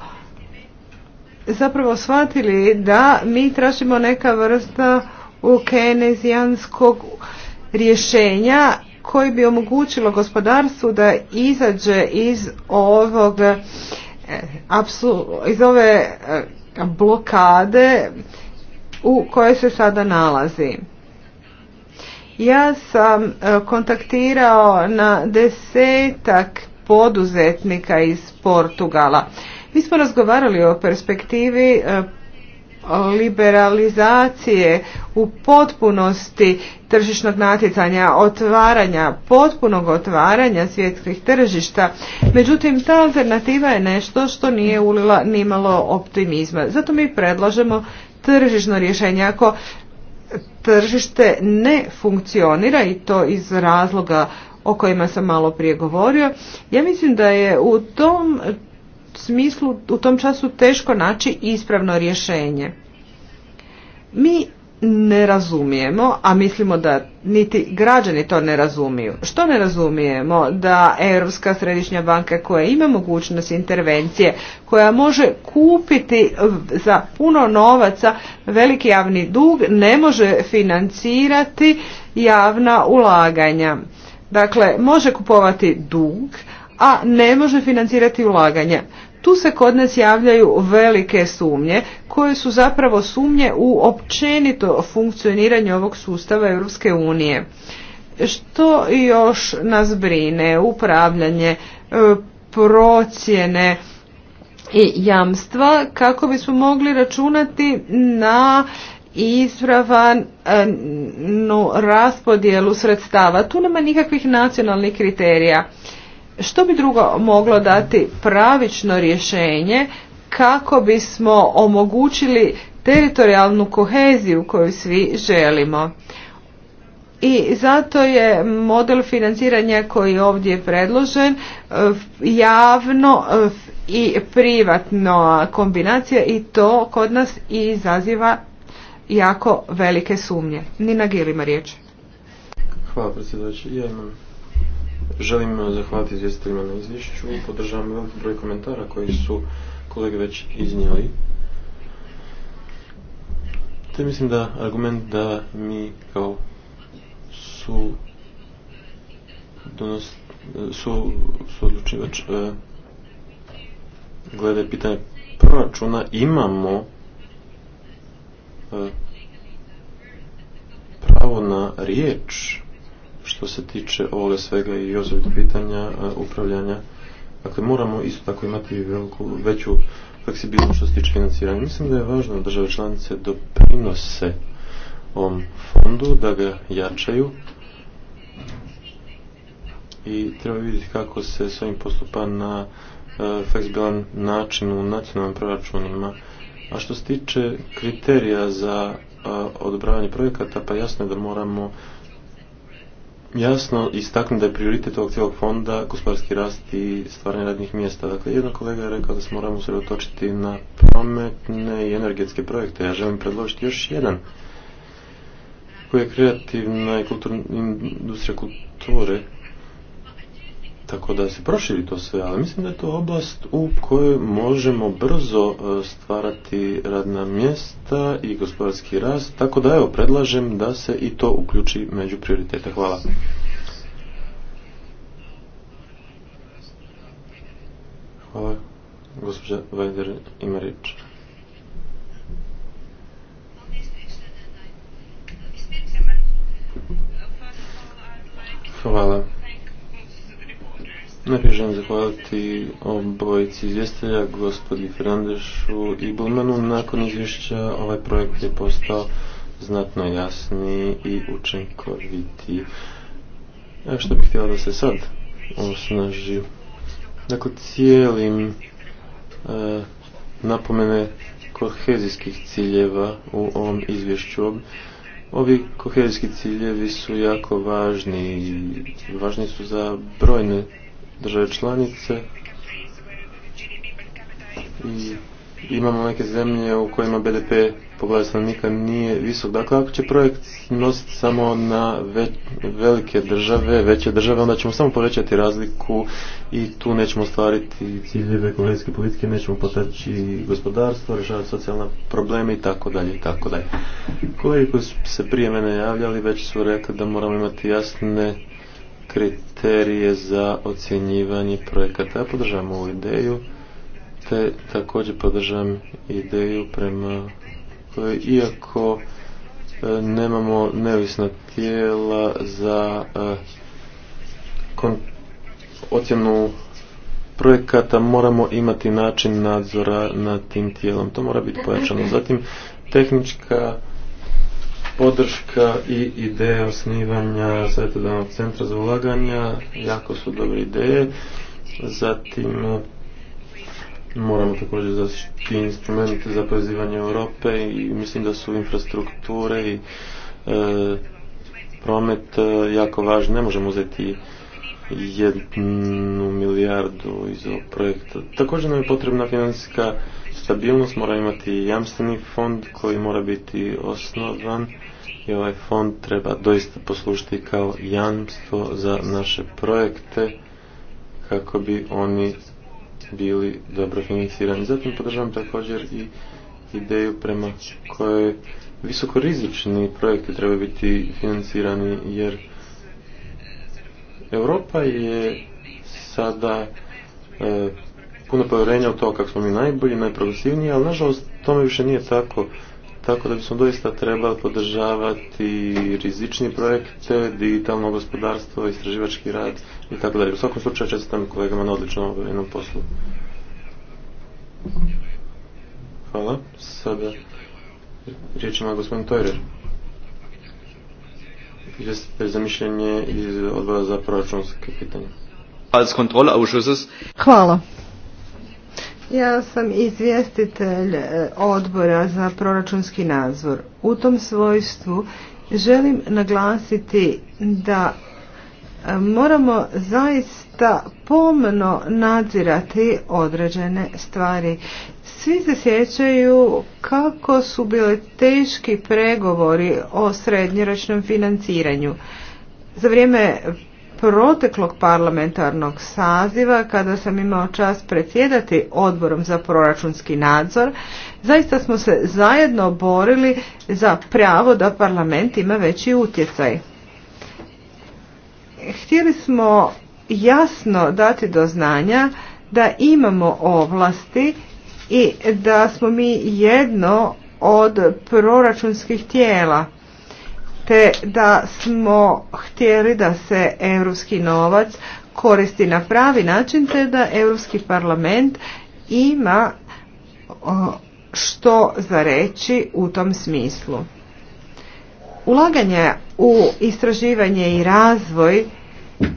zapravo shvatili da mi tražimo neka vrsta u kenezijanskog rješenja koji bi omogućilo gospodarstvu da izađe iz ovog e, iz ove blokade u kojoj se sada nalazi. Ja sam e, kontaktirao na desetak poduzetnika iz Portugala. Mi smo razgovarali o perspektivi e, liberalizacije u potpunosti tržišnog natjecanja, otvaranja, potpunog otvaranja svjetskih tržišta. Međutim, ta alternativa je nešto što nije ulila nimalo optimizma. Zato mi predlažemo tržišno rješenje. Ako tržište ne funkcionira i to iz razloga o kojima sam malo prije govorio, ja mislim da je u tom smislu u tom času teško naći ispravno rješenje. Mi ne razumijemo, a mislimo da niti građani to ne razumiju. Što ne razumijemo? Da Europska središnja banka koja ima mogućnost intervencije, koja može kupiti za puno novaca veliki javni dug, ne može financirati javna ulaganja. Dakle, može kupovati dug, a ne može financirati ulaganja. Tu se kod nas javljaju velike sumnje koje su zapravo sumnje u općenito funkcioniranje ovog sustava Europske unije. Što još nas brine? Upravljanje, e, procjene i jamstva kako bismo mogli računati na ispravan raspodjelu sredstava. Tu nema nikakvih nacionalnih kriterija. Što bi drugo moglo dati pravično rješenje kako bismo omogućili teritorijalnu koheziju koju svi želimo. I zato je model financiranja koji je ovdje predložen eh, javno eh, i privatno kombinacija i to kod nas izaziva jako velike sumnje. Nina Gilima riječ. Hvala Ja imam Želim eh, zahvaliti izvjestiteljima na izvješću. Eh. Podržavam veliki broj komentara koji su kolege već iznijeli. Te mislim da argument da mi kao su donos, su, su odlučivač eh, glede pitanja proračuna imamo pravo na riječ što se tiče ovoga svega i Jozovih pitanja e, upravljanja. Dakle, moramo isto tako imati veliku, veću fleksibilnost što se tiče financiranja. Mislim da je važno da države članice doprinose ovom fondu, da ga jačaju i treba vidjeti kako se s ovim postupa na e, fleksibilan način u nacionalnim proračunima. A što se tiče kriterija za e, odobravanje projekata, pa jasno je da moramo jasno istaknuti da je prioritet ovog cijelog fonda gospodarski rast i stvaranje radnih mjesta. Dakle, jedan kolega je rekao da se moramo usredotočiti na prometne i energetske projekte. Ja želim predložiti još jedan koji je kreativna i kulturna industrija kulture tako da se proširi to sve, ali mislim da je to oblast u kojoj možemo brzo e, stvarati radna mjesta i gospodarski rast, tako da evo predlažem da se i to uključi među prioritete. Hvala. Hvala. Gospođa Vajder ima Hvala. Najprije želim zahvaliti obojici izvjestelja, gospodi Fernandešu i Bulmanu. Nakon izvješća ovaj projekt je postao znatno jasniji i učinkovitiji. E što bih htjela da se sad osnaži. Dakle, cijelim e, napomene kohezijskih ciljeva u ovom izvješću. Ovi kohezijski ciljevi su jako važni i važni su za brojne države članice i imamo neke zemlje u kojima BDP po glavi nije visok. Dakle, ako će projekt nositi samo na ve velike države, veće države, onda ćemo samo povećati razliku i tu nećemo stvariti ciljeve ekonomijske politike, nećemo potreći gospodarstvo, rješavati socijalne probleme i tako dalje tako dalje. Kolege koji su se prije mene javljali već su rekli da moramo imati jasne kriterije za ocjenjivanje projekata. Ja podržavam ovu ideju, te također podržavam ideju prema kojoj, iako e, nemamo neovisna tijela za e, ocjenu projekata moramo imati način nadzora nad tim tijelom. To mora biti pojačano. Zatim, tehnička podrška i ideja osnivanja savjetodavnog centra za ulaganja, jako su dobre ideje. Zatim moramo također zaštiti instrumente za povezivanje Europe i mislim da su infrastrukture i e, promet e, jako važni. Ne možemo uzeti jednu milijardu iz ovog projekta. Također nam je potrebna financijska stabilnost, mora imati jamstveni fond koji mora biti osnovan i ovaj fond treba doista poslušiti kao jamstvo za naše projekte kako bi oni bili dobro financirani. Zatim podržavam također i ideju prema kojoj visokorizični projekti treba biti financirani jer Europa je sada e, puno povjerenja u to kako smo mi najbolji, najprogresivniji, ali nažalost tome više nije tako. Tako da bismo doista trebali podržavati rizični projekte, digitalno gospodarstvo, istraživački rad i tako dalje. U svakom slučaju čestitam kolegama na odličnom obavljenom poslu. Hvala. Sada riječ ima gospodin Tojrer. Jesi za mišljenje iz odbora za proračunske pitanje. Hvala. Ja sam izvjestitelj e, odbora za proračunski nadzor. U tom svojstvu želim naglasiti da e, moramo zaista pomno nadzirati određene stvari. Svi se sjećaju kako su bile teški pregovori o srednjoročnom financiranju. Za vrijeme proteklog parlamentarnog saziva kada sam imao čast predsjedati odborom za proračunski nadzor zaista smo se zajedno borili za pravo da parlament ima veći utjecaj htjeli smo jasno dati do znanja da imamo ovlasti i da smo mi jedno od proračunskih tijela te da smo htjeli da se europski novac koristi na pravi način te da Europski parlament ima što za reći u tom smislu. Ulaganje u istraživanje i razvoj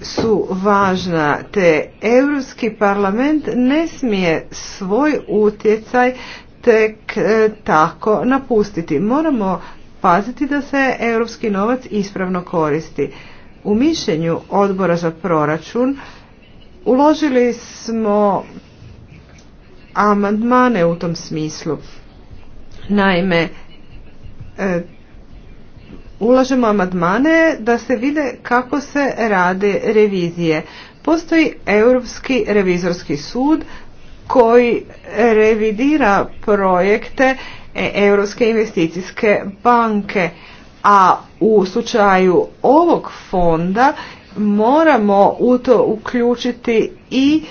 su važna te Europski parlament ne smije svoj utjecaj tek e, tako napustiti. Moramo paziti da se europski novac ispravno koristi. U mišljenju odbora za proračun uložili smo amandmane u tom smislu. Naime, e, ulažemo amandmane da se vide kako se rade revizije. Postoji Europski revizorski sud koji revidira projekte E, Europske investicijske banke. A u slučaju ovog fonda moramo u to uključiti i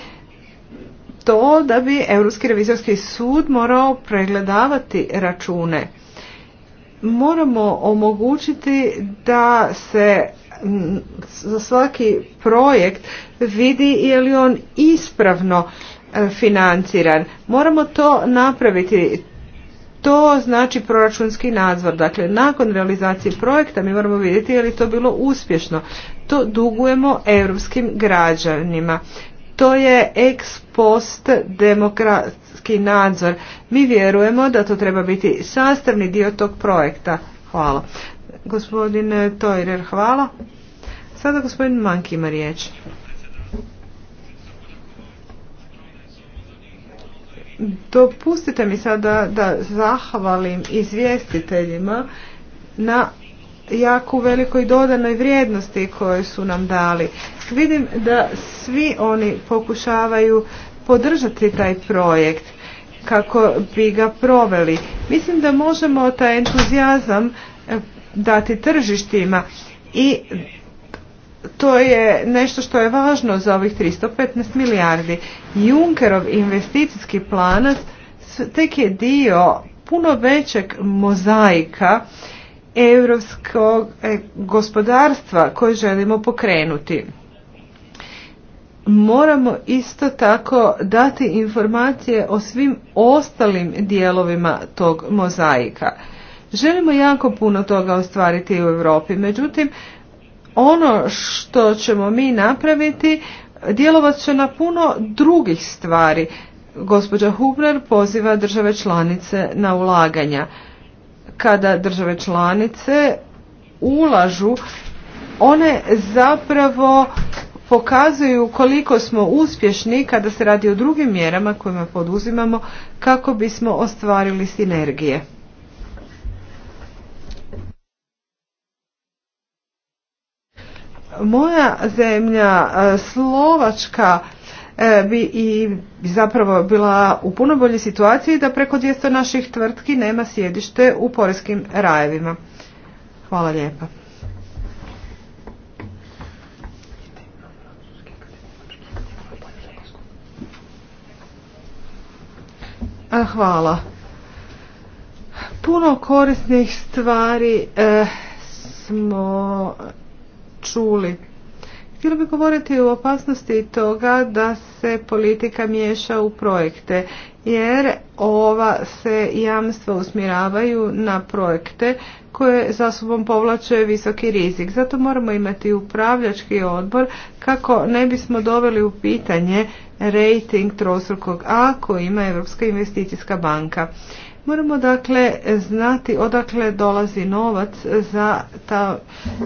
to da bi Europski revizorski sud morao pregledavati račune. Moramo omogućiti da se za svaki projekt vidi je li on ispravno e, financiran. Moramo to napraviti to znači proračunski nadzor. Dakle, nakon realizacije projekta mi moramo vidjeti je li to bilo uspješno. To dugujemo europskim građanima. To je ex post demokratski nadzor. Mi vjerujemo da to treba biti sastavni dio tog projekta. Hvala. Gospodin Tojrer, hvala. Sada gospodin Manki ima riječ. Dopustite mi sada da zahvalim izvjestiteljima na jako velikoj dodanoj vrijednosti koju su nam dali. Vidim da svi oni pokušavaju podržati taj projekt kako bi ga proveli. Mislim da možemo taj entuzijazam eh, dati tržištima i to je nešto što je važno za ovih 315 milijardi. Junkerov investicijski plan tek je dio puno većeg mozaika europskog e, gospodarstva koje želimo pokrenuti. Moramo isto tako dati informacije o svim ostalim dijelovima tog mozaika. Želimo jako puno toga ostvariti u Europi, međutim ono što ćemo mi napraviti djelovat će na puno drugih stvari. Gospođa Hubner poziva države članice na ulaganja. Kada države članice ulažu, one zapravo pokazuju koliko smo uspješni kada se radi o drugim mjerama kojima poduzimamo kako bismo ostvarili sinergije. Moja zemlja e, Slovačka e, bi i zapravo bila u puno boljoj situaciji da preko 200 naših tvrtki nema sjedište u porezkim rajevima. Hvala lijepa. Hvala. Puno korisnih stvari e, smo čuli. Htjela bi govoriti o opasnosti toga da se politika miješa u projekte, jer ova se jamstva usmjeravaju na projekte koje za sobom povlače visoki rizik. Zato moramo imati upravljački odbor kako ne bismo doveli u pitanje rating trostrukog A koji ima Europska investicijska banka. Moramo dakle znati odakle dolazi novac za ta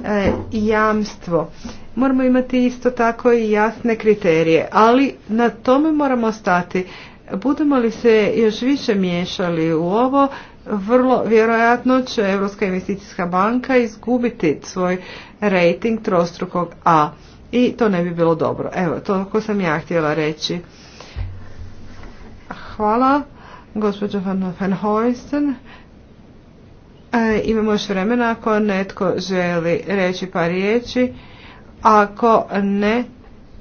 e, jamstvo. Moramo imati isto tako i jasne kriterije, ali na tome moramo stati. Budemo li se još više miješali u ovo, vrlo vjerojatno će Europska investicijska banka izgubiti svoj rating trostrukog A i to ne bi bilo dobro. Evo, toliko sam ja htjela reći. Hvala gospođa Van e, imamo još vremena ako netko želi reći par riječi. Ako ne,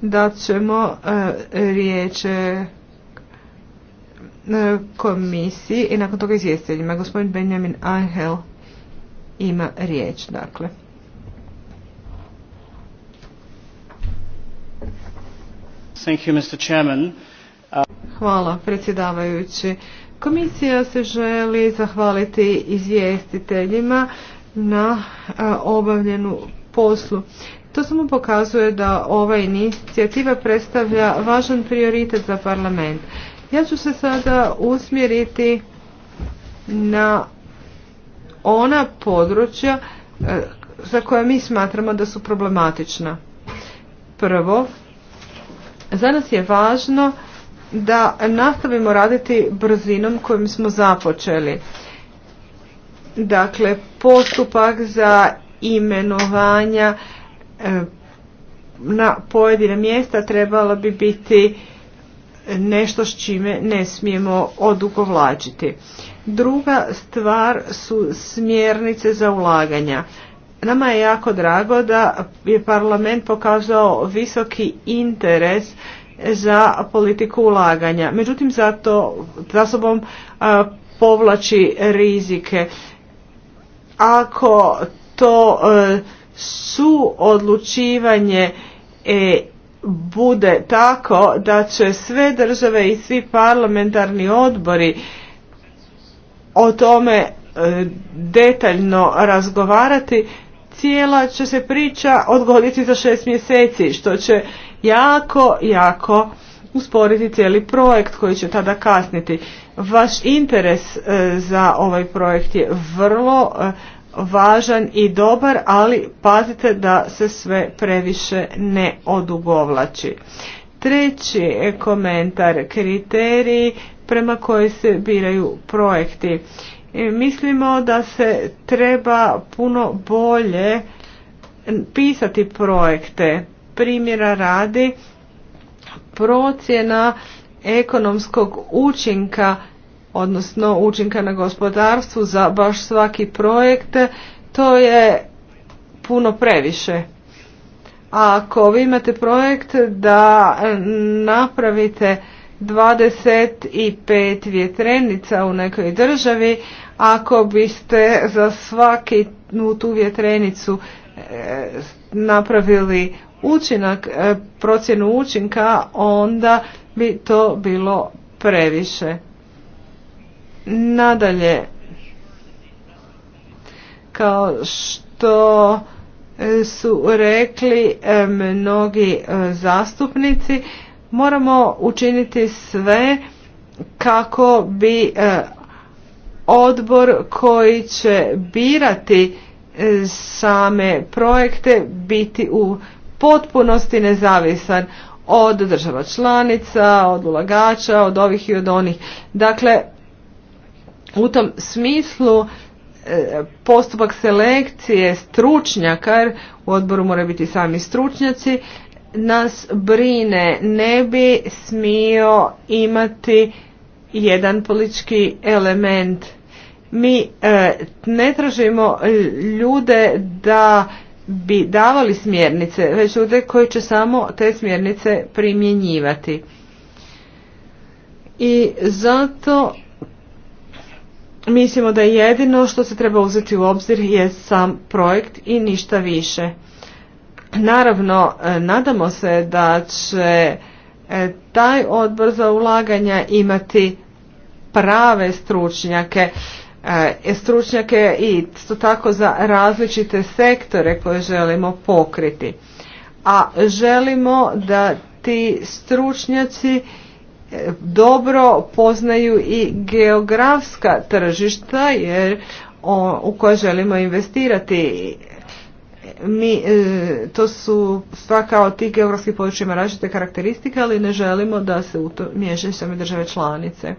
dat ćemo e, riječ e, komisiji i nakon toga izvjestiteljima. Gospodin Benjamin Angel ima riječ, dakle. Thank you, Mr. Chairman. Hvala predsjedavajući. Komisija se želi zahvaliti izvjestiteljima na obavljenu poslu. To samo pokazuje da ova inicijativa predstavlja važan prioritet za parlament. Ja ću se sada usmjeriti na ona područja za koja mi smatramo da su problematična. Prvo, za nas je važno da nastavimo raditi brzinom kojim smo započeli. Dakle, postupak za imenovanja e, na pojedine mjesta trebalo bi biti nešto s čime ne smijemo odugovlačiti. Druga stvar su smjernice za ulaganja. Nama je jako drago da je parlament pokazao visoki interes za politiku ulaganja. Međutim, zato za sobom povlači rizike. Ako to e, su odlučivanje e, bude tako da će sve države i svi parlamentarni odbori o tome e, detaljno razgovarati, cijela će se priča odgoditi za šest mjeseci, što će jako, jako usporiti cijeli projekt koji će tada kasniti. Vaš interes e, za ovaj projekt je vrlo e, važan i dobar, ali pazite da se sve previše ne odugovlači. Treći e, komentar, kriteriji prema koji se biraju projekti. Mislimo da se treba puno bolje pisati projekte Primjera radi procjena ekonomskog učinka odnosno učinka na gospodarstvu za baš svaki projekt, to je puno previše. A ako vi imate projekt da napravite 25 vjetrenica u nekoj državi, ako biste za svaki tu vjetrenicu e, napravili učinak, e, procjenu učinka, onda bi to bilo previše. Nadalje, kao što e, su rekli e, mnogi zastupnici, moramo učiniti sve kako bi odbor koji će birati same projekte biti u potpunosti nezavisan od država članica, od ulagača, od ovih i od onih. Dakle, u tom smislu e, postupak selekcije stručnjaka, u odboru moraju biti sami stručnjaci, nas brine, ne bi smio imati jedan politički element. Mi e, ne tražimo ljude da bi davali smjernice, već ljude koji će samo te smjernice primjenjivati. I zato mislimo da jedino što se treba uzeti u obzir je sam projekt i ništa više. Naravno, e, nadamo se da će e, taj odbor za ulaganja imati prave stručnjake E, stručnjake i isto tako za različite sektore koje želimo pokriti. A želimo da ti stručnjaci e, dobro poznaju i geografska tržišta jer u koje želimo investirati. Mi, e, to su svaka od tih geografskih područja ima različite karakteristike, ali ne želimo da se u to miješaju same države članice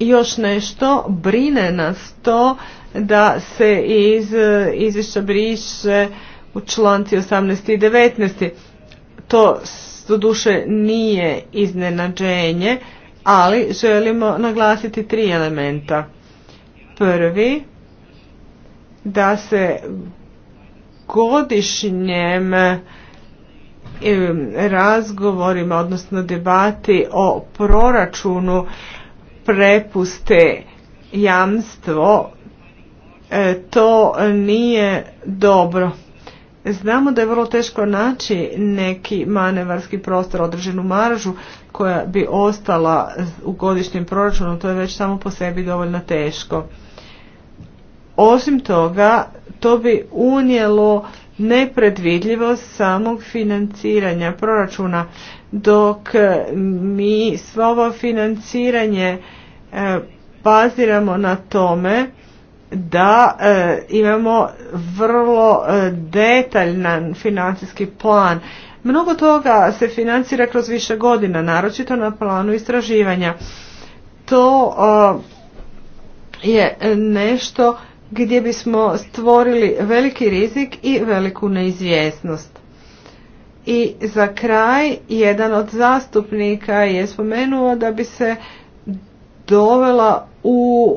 još nešto, brine nas to da se iz e, izvješća briše u članci 18. i 19. To duše nije iznenađenje, ali želimo naglasiti tri elementa. Prvi, da se godišnjem e, razgovorima, odnosno debati o proračunu prepuste jamstvo, e, to nije dobro. Znamo da je vrlo teško naći neki manevarski prostor, određenu maržu koja bi ostala u godišnjem proračunu, to je već samo po sebi dovoljno teško. Osim toga, to bi unijelo nepredvidljivost samog financiranja proračuna, dok mi svo ovo financiranje E, baziramo na tome da e, imamo vrlo e, detaljan financijski plan. Mnogo toga se financira kroz više godina, naročito na planu istraživanja. To je nešto gdje bismo stvorili veliki rizik i veliku neizvjesnost. I za kraj, jedan od zastupnika je spomenuo da bi se dovela u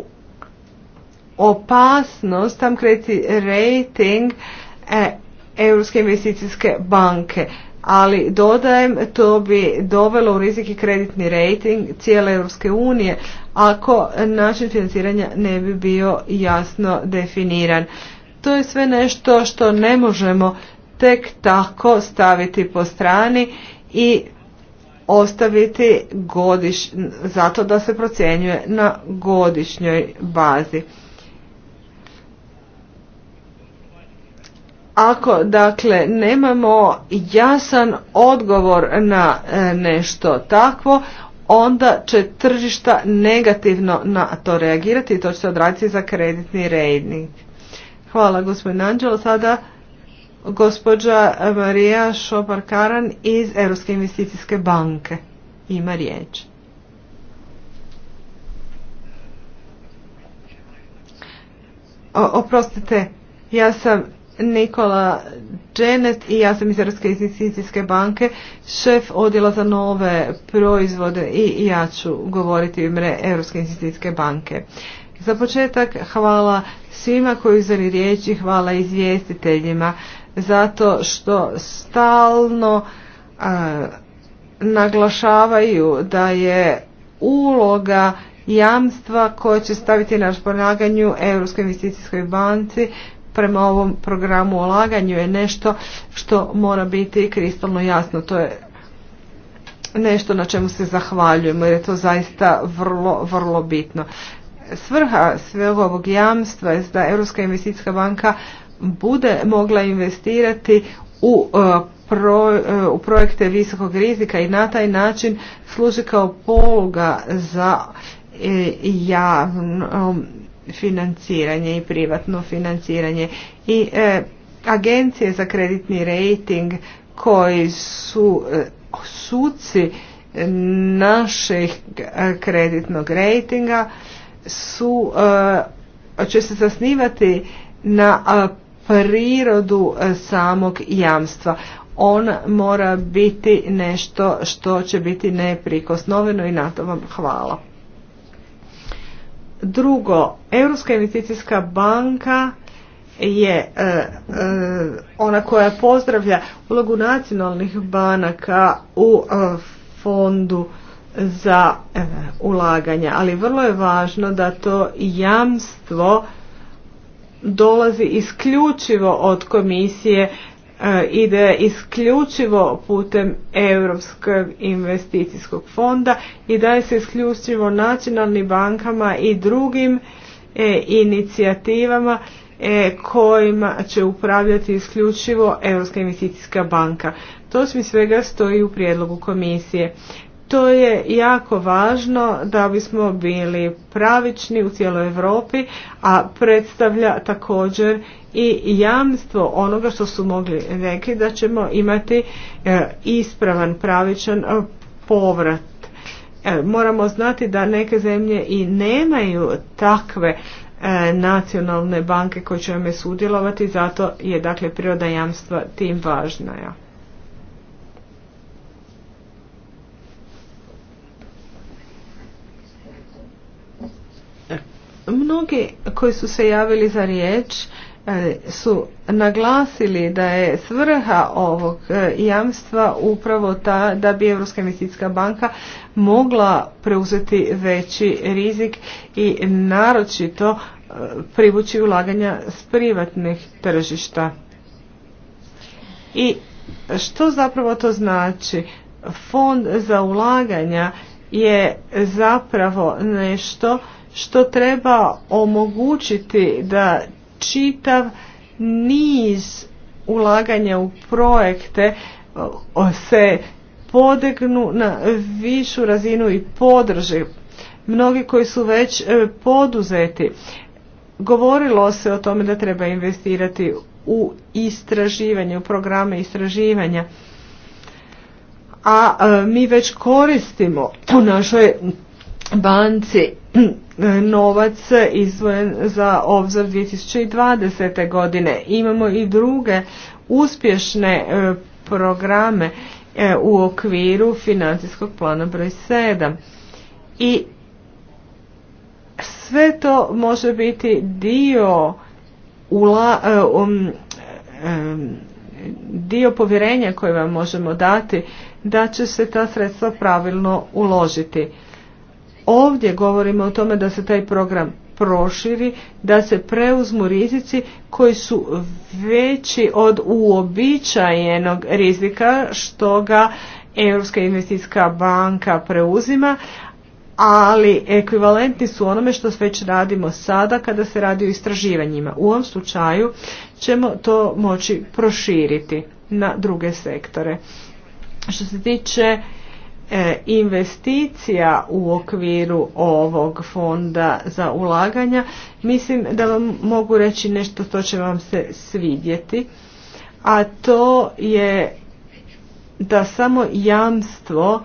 opasnost tam kreti rating e, Europske investicijske banke. Ali dodajem, to bi dovelo u rizik i kreditni rating cijele Europske unije ako način financiranja ne bi bio jasno definiran. To je sve nešto što ne možemo tek tako staviti po strani i ostaviti godiš, zato da se procjenjuje na godišnjoj bazi. Ako dakle nemamo jasan odgovor na e, nešto takvo, onda će tržišta negativno na to reagirati i to će se odraditi za kreditni rejting. Hvala gospodin Anđelo. Sada Gospođa Marija Šopar-Karan iz Europske investicijske banke ima riječ. oprostite, ja sam Nikola Dženet i ja sam iz Europske investicijske banke, šef odjela za nove proizvode i ja ću govoriti u ime Europske investicijske banke. Za početak hvala svima koji uzeli i hvala izvjestiteljima zato što stalno naglašavaju da je uloga jamstva koje će staviti na raspolaganju Europskoj investicijskoj banci prema ovom programu olaganju je nešto što mora biti kristalno jasno. To je nešto na čemu se zahvaljujemo jer je to zaista vrlo, vrlo bitno. Svrha sveg ovog jamstva je da Europska investicijska banka bude mogla investirati u, e, e, u projekte visokog rizika i na taj način služi kao poluga za e, javno financiranje i privatno financiranje i agencije za kreditni rating koji su suci našeg kreditnog ratinga su će se zasnivati na prirodu e, samog jamstva. On mora biti nešto što će biti neprikosnoveno i na to vam hvala. Drugo, Europska investicijska banka je e, e, ona koja pozdravlja ulogu nacionalnih banaka u fondu za ulaganja, ali vrlo je važno da to jamstvo dolazi isključivo od komisije e, ide isključivo putem Europskog investicijskog fonda i daje se isključivo nacionalnim bankama i drugim e, inicijativama e, kojima će upravljati isključivo Europska investicijska banka. To svega stoji u prijedlogu komisije. To je jako važno da bismo bili pravični u cijeloj Europi, a predstavlja također i jamstvo onoga što su mogli rekli da ćemo imati e, ispravan, pravičan e, povrat. E, moramo znati da neke zemlje i nemaju takve nacionalne banke koje će sudjelovati, zato je dakle priroda jamstva tim važna. Mnogi koji su se javili za riječ e, su naglasili da je svrha ovog e, jamstva upravo ta da bi Europska investicijska banka mogla preuzeti veći rizik i naročito e, privući ulaganja s privatnih tržišta. I što zapravo to znači? Fond za ulaganja je zapravo nešto što treba omogućiti da čitav niz ulaganja u projekte se podegnu na višu razinu i podrži. Mnogi koji su već e, poduzeti, govorilo se o tome da treba investirati u istraživanje, u programe istraživanja. A e, mi već koristimo u našoj banci novac izvojen za obzor 2020. godine. Imamo i druge uspješne e, programe e, u okviru financijskog plana broj 7. I sve to može biti dio e, um, dio povjerenja koje vam možemo dati da će se ta sredstva pravilno uložiti ovdje govorimo o tome da se taj program proširi, da se preuzmu rizici koji su veći od uobičajenog rizika što ga Europska investicijska banka preuzima, ali ekvivalentni su onome što već radimo sada kada se radi o istraživanjima. U ovom slučaju ćemo to moći proširiti na druge sektore. Što se tiče E, investicija u okviru ovog fonda za ulaganja, mislim da vam mogu reći nešto što će vam se svidjeti, a to je da samo jamstvo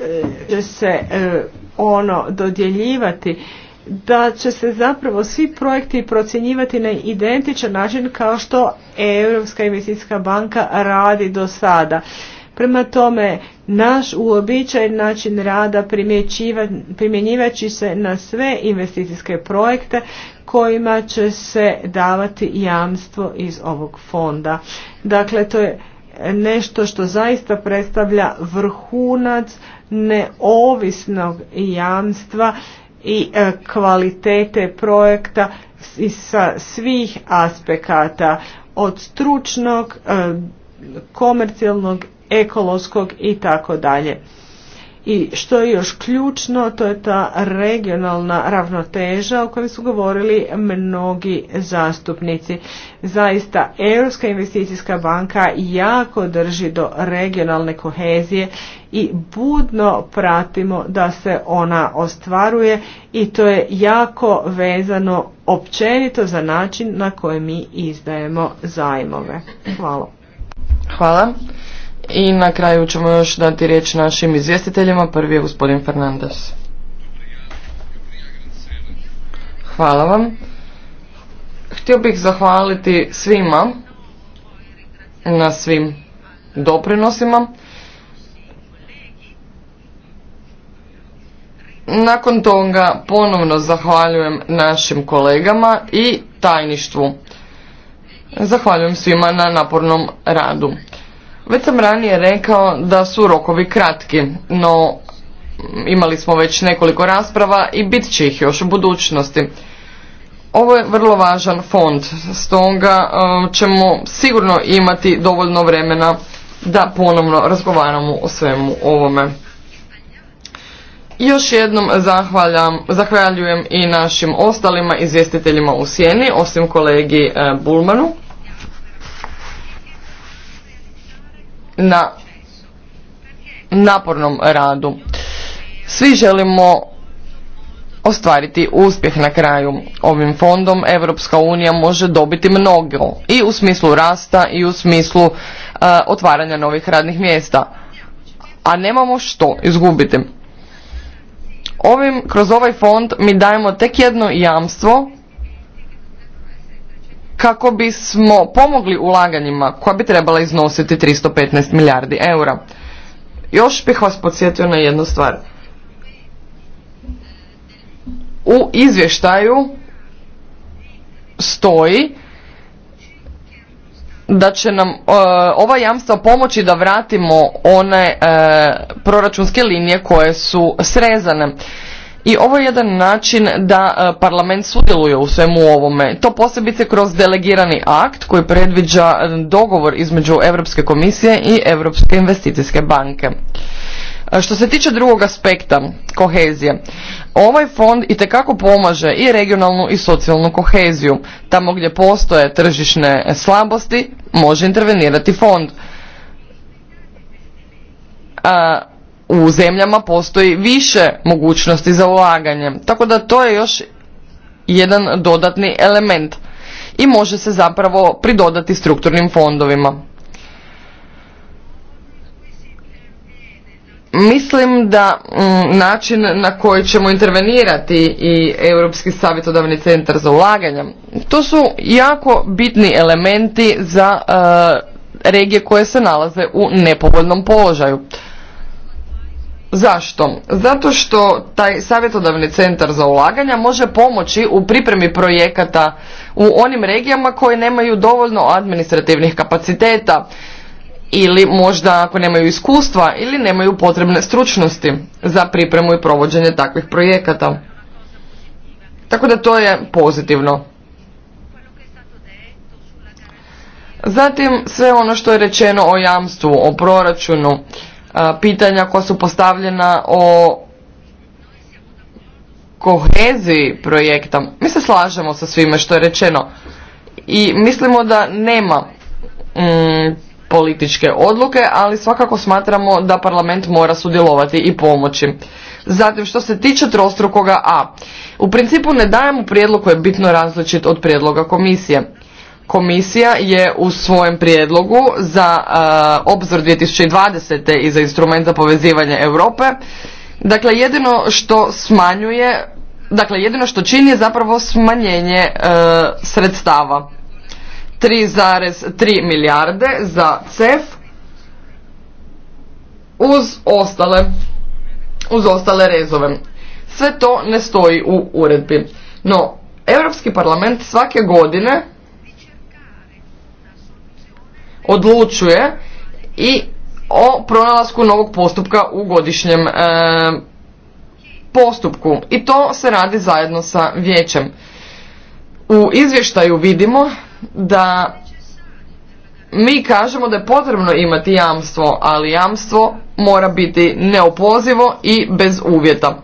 e, će se e, ono dodjeljivati da će se zapravo svi projekti procjenjivati na identičan način kao što Europska investicijska banka radi do sada. Prema tome, naš uobičajen način rada primjenjivaći se na sve investicijske projekte kojima će se davati jamstvo iz ovog fonda. Dakle, to je nešto što zaista predstavlja vrhunac neovisnog jamstva i e, kvalitete projekta sa svih aspekata od stručnog, e, komercijalnog ekološkog i tako dalje. I što je još ključno, to je ta regionalna ravnoteža o kojoj su govorili mnogi zastupnici. Zaista, Europska investicijska banka jako drži do regionalne kohezije i budno pratimo da se ona ostvaruje i to je jako vezano općenito za način na koji mi izdajemo zajmove. Hvala. Hvala. I na kraju ćemo još dati riječ našim izvjestiteljima. Prvi je gospodin Fernandez. Hvala vam. Htio bih zahvaliti svima na svim doprinosima. Nakon toga ponovno zahvaljujem našim kolegama i tajništvu. Zahvaljujem svima na napornom radu. Već sam ranije rekao da su rokovi kratki, no mm, imali smo već nekoliko rasprava i bit će ih još u budućnosti. Ovo je vrlo važan fond, stoga um, ćemo sigurno imati dovoljno vremena da ponovno razgovaramo o svemu ovome. Još jednom zahvaljujem i našim ostalima izvjestiteljima u Sjeni, osim kolegi e, Bulmanu. na napornom radu. Svi želimo ostvariti uspjeh na kraju. Ovim fondom Europska unija može dobiti mnogo i u smislu rasta i u smislu e, otvaranja novih radnih mjesta. A nemamo što izgubiti. Ovim, kroz ovaj fond mi dajemo tek jedno jamstvo kako bismo pomogli ulaganjima koja bi trebala iznositi 315 milijardi eura. Još bih vas podsjetio na jednu stvar. U izvještaju stoji da će nam e, ova jamstva pomoći da vratimo one e, proračunske linije koje su srezane. I ovo je jedan način da e, parlament sudjeluje u svemu ovome. To posebice kroz delegirani akt koji predviđa e, dogovor između Europske komisije i Europske investicijske banke. E, što se tiče drugog aspekta, kohezije, ovaj fond i tekako pomaže i regionalnu i socijalnu koheziju. Tamo gdje postoje tržišne slabosti, može intervenirati fond u zemljama postoji više mogućnosti za ulaganje. Tako da to je još jedan dodatni element i može se zapravo pridodati strukturnim fondovima. Mislim da mm, način na koji ćemo intervenirati i Europski savjetodavni centar za ulaganje, to su jako bitni elementi za e, regije koje se nalaze u nepovoljnom položaju. Zašto? Zato što taj savjetodavni centar za ulaganja može pomoći u pripremi projekata u onim regijama koje nemaju dovoljno administrativnih kapaciteta ili možda ako nemaju iskustva ili nemaju potrebne stručnosti za pripremu i provođenje takvih projekata. Tako da to je pozitivno. Zatim sve ono što je rečeno o jamstvu, o proračunu, pitanja koja su postavljena o koheziji projekta. Mi se slažemo sa svime što je rečeno i mislimo da nema mm, političke odluke, ali svakako smatramo da parlament mora sudjelovati i pomoći. Zatim što se tiče trostrukoga A, u principu ne dajemo prijedlog koji je bitno različit od prijedloga komisije. Komisija je u svojem prijedlogu za uh, obzor 2020. i za instrument za povezivanje Europe, dakle jedino što smanjuje, dakle jedino što čini je zapravo smanjenje e, sredstava. 3,3 milijarde za CEF uz ostale, uz ostale rezove. Sve to ne stoji u uredbi. No, Europski parlament svake godine odlučuje i o pronalasku novog postupka u godišnjem e, postupku i to se radi zajedno sa vijećem. U izvještaju vidimo da mi kažemo da je potrebno imati jamstvo, ali jamstvo mora biti neopozivo i bez uvjeta.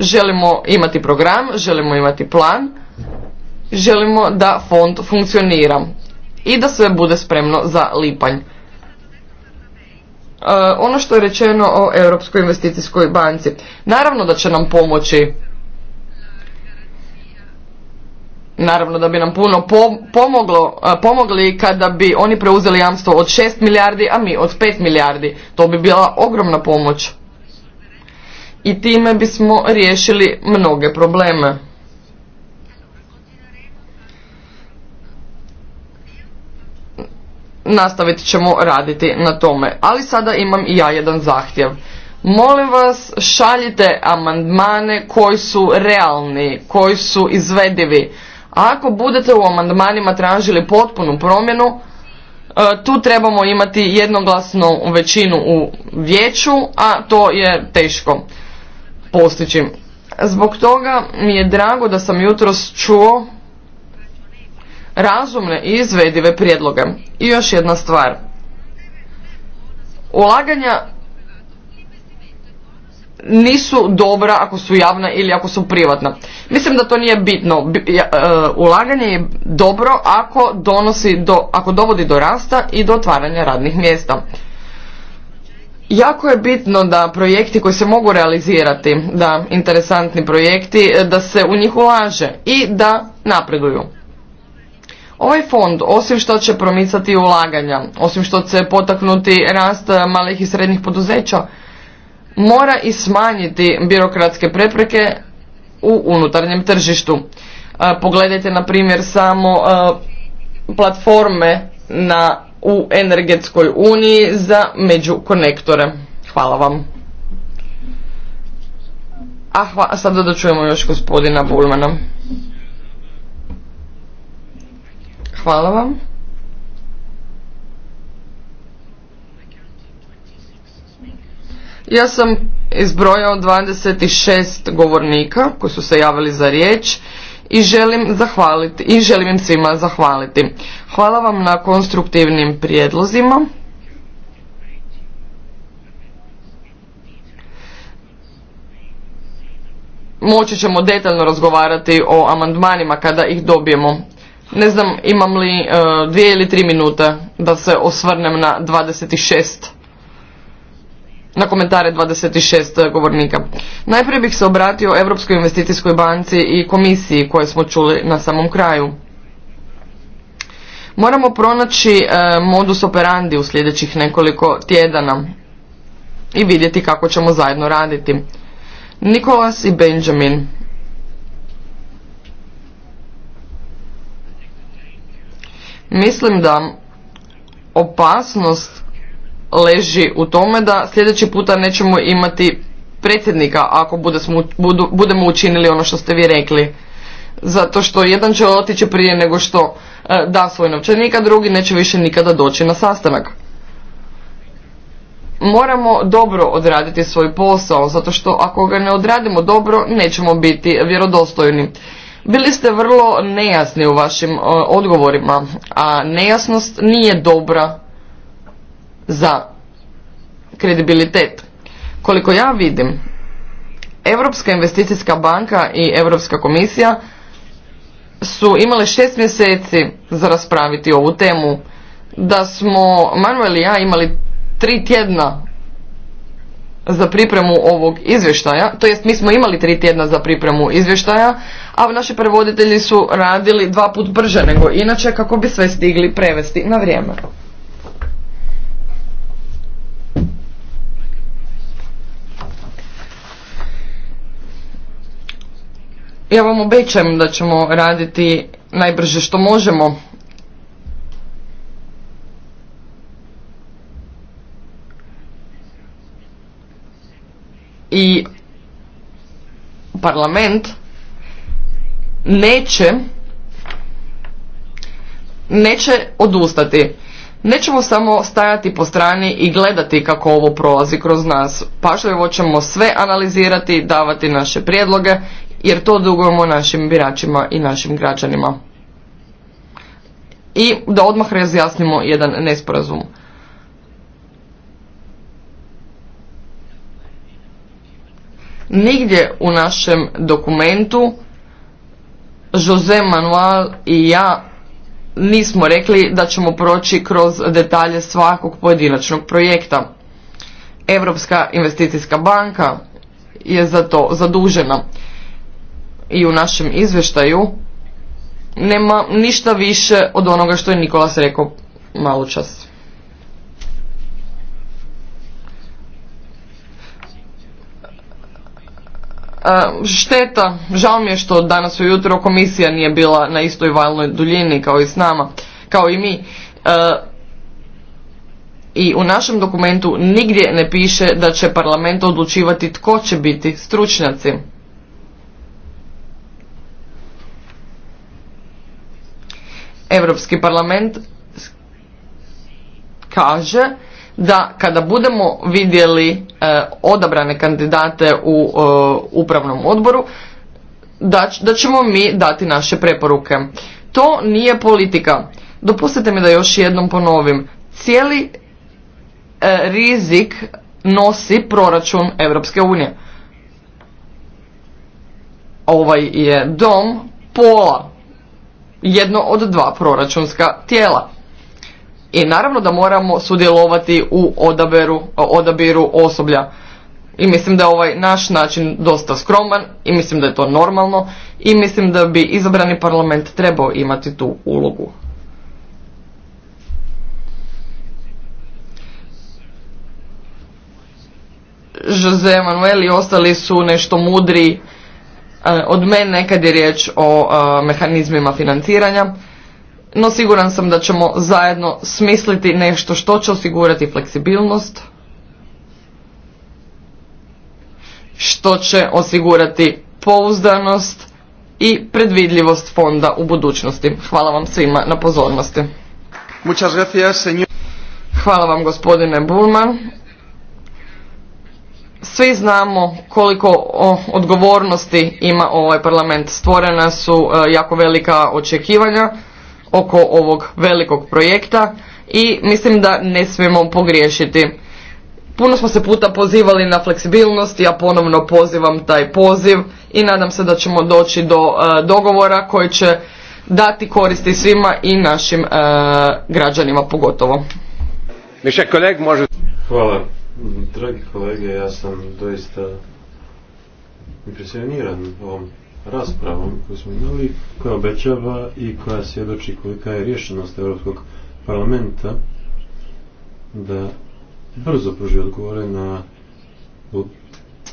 Želimo imati program, želimo imati plan, želimo da fond funkcionira i da sve bude spremno za lipanj. E, ono što je rečeno o Europskoj investicijskoj banci. Naravno da će nam pomoći Naravno da bi nam puno pomoglo, e, pomogli kada bi oni preuzeli jamstvo od 6 milijardi, a mi od 5 milijardi. To bi bila ogromna pomoć. I time bismo riješili mnoge probleme. nastavit ćemo raditi na tome. Ali sada imam i ja jedan zahtjev. Molim vas, šaljite amandmane koji su realni, koji su izvedivi. ako budete u amandmanima tražili potpunu promjenu, e, tu trebamo imati jednoglasnu većinu u vijeću, a to je teško postići. Zbog toga mi je drago da sam jutros čuo razumne i izvedive prijedloge. I još jedna stvar. Ulaganja nisu dobra ako su javna ili ako su privatna. Mislim da to nije bitno. E, ulaganje je dobro ako donosi do, ako dovodi do rasta i do otvaranja radnih mjesta. Jako je bitno da projekti koji se mogu realizirati, da interesantni projekti, e, da se u njih ulaže i da napreduju. Ovaj fond, osim što će promicati ulaganja, osim što će potaknuti rast eh, malih i srednjih poduzeća, mora i smanjiti birokratske prepreke u unutarnjem tržištu. Eh, pogledajte, na primjer, samo eh, platforme na, u energetskoj uniji za međukonektore. Hvala vam. A, a sada da čujemo još gospodina Bulmana. Hvala vam. Ja sam izbrojao 26 govornika koji su se javili za riječ i želim zahvaliti i želim im svima zahvaliti. Hvala vam na konstruktivnim prijedlozima. Moći ćemo detaljno razgovarati o amandmanima kada ih dobijemo, ne znam imam li e, dvije ili tri minute da se osvrnem na 26 na komentare 26 govornika. Najprije bih se obratio Europskoj investicijskoj banci i komisiji koje smo čuli na samom kraju. Moramo pronaći e, modus operandi u sljedećih nekoliko tjedana i vidjeti kako ćemo zajedno raditi. Nikolas i Benjamin. Mislim da opasnost leži u tome da sljedeći puta nećemo imati predsjednika ako budemo učinili ono što ste vi rekli. Zato što jedan će otići prije nego što e, da svoj novčanik, drugi neće više nikada doći na sastanak. Moramo dobro odraditi svoj posao, zato što ako ga ne odradimo dobro, nećemo biti vjerodostojni. Bili ste vrlo nejasni u vašim e, odgovorima, a nejasnost nije dobra za kredibilitet. Koliko ja vidim, Europska investicijska banka i Europska komisija su imale šest mjeseci za raspraviti ovu temu. Da smo Manuel i ja imali tri tjedna za pripremu ovog izvještaja, to jest mi smo imali tri tjedna za pripremu izvještaja, a naši prevoditelji su radili dva put brže nego inače kako bi sve stigli prevesti na vrijeme. Ja vam obećam da ćemo raditi najbrže što možemo i parlament neće neće odustati. Nećemo samo stajati po strani i gledati kako ovo prolazi kroz nas. Pažljivo ćemo sve analizirati, davati naše prijedloge, jer to dugujemo našim biračima i našim građanima. I da odmah razjasnimo jedan nesporazum. Nigdje u našem dokumentu Jose Manuel i ja nismo rekli da ćemo proći kroz detalje svakog pojedinačnog projekta. Europska investicijska banka je za to zadužena i u našem izvještaju nema ništa više od onoga što je Nikolas rekao malo čas. E, šteta, žao mi je što danas ujutro komisija nije bila na istoj valnoj duljini kao i s nama, kao i mi. E, I u našem dokumentu nigdje ne piše da će parlament odlučivati tko će biti stručnjaci. Europski parlament kaže da kada budemo vidjeli e, odabrane kandidate u e, upravnom odboru da, da ćemo mi dati naše preporuke to nije politika dopustite mi da još jednom ponovim cijeli e, rizik nosi proračun Europske unije ovaj je dom pola jedno od dva proračunska tijela i naravno da moramo sudjelovati u odaberu, odabiru osoblja. I mislim da je ovaj naš način dosta skroman i mislim da je to normalno i mislim da bi izabrani parlament trebao imati tu ulogu. Jose Manuel i ostali su nešto mudri eh, od mene kad je riječ o eh, mehanizmima financiranja no siguran sam da ćemo zajedno smisliti nešto što će osigurati fleksibilnost, što će osigurati pouzdanost i predvidljivost fonda u budućnosti. Hvala vam svima na pozornosti. Hvala vam gospodine Bulman. Svi znamo koliko odgovornosti ima ovaj parlament. Stvorena su e, jako velika očekivanja oko ovog velikog projekta i mislim da ne smijemo pogriješiti. Puno smo se puta pozivali na fleksibilnost, ja ponovno pozivam taj poziv i nadam se da ćemo doći do e, dogovora koji će dati koristi svima i našim e, građanima pogotovo. Hvala. Dragi kolege, ja sam doista impresioniran ovom raspravom koju smo imali, koja obećava i koja svjedoči kolika je rješenost Europskog parlamenta da brzo pruži odgovore na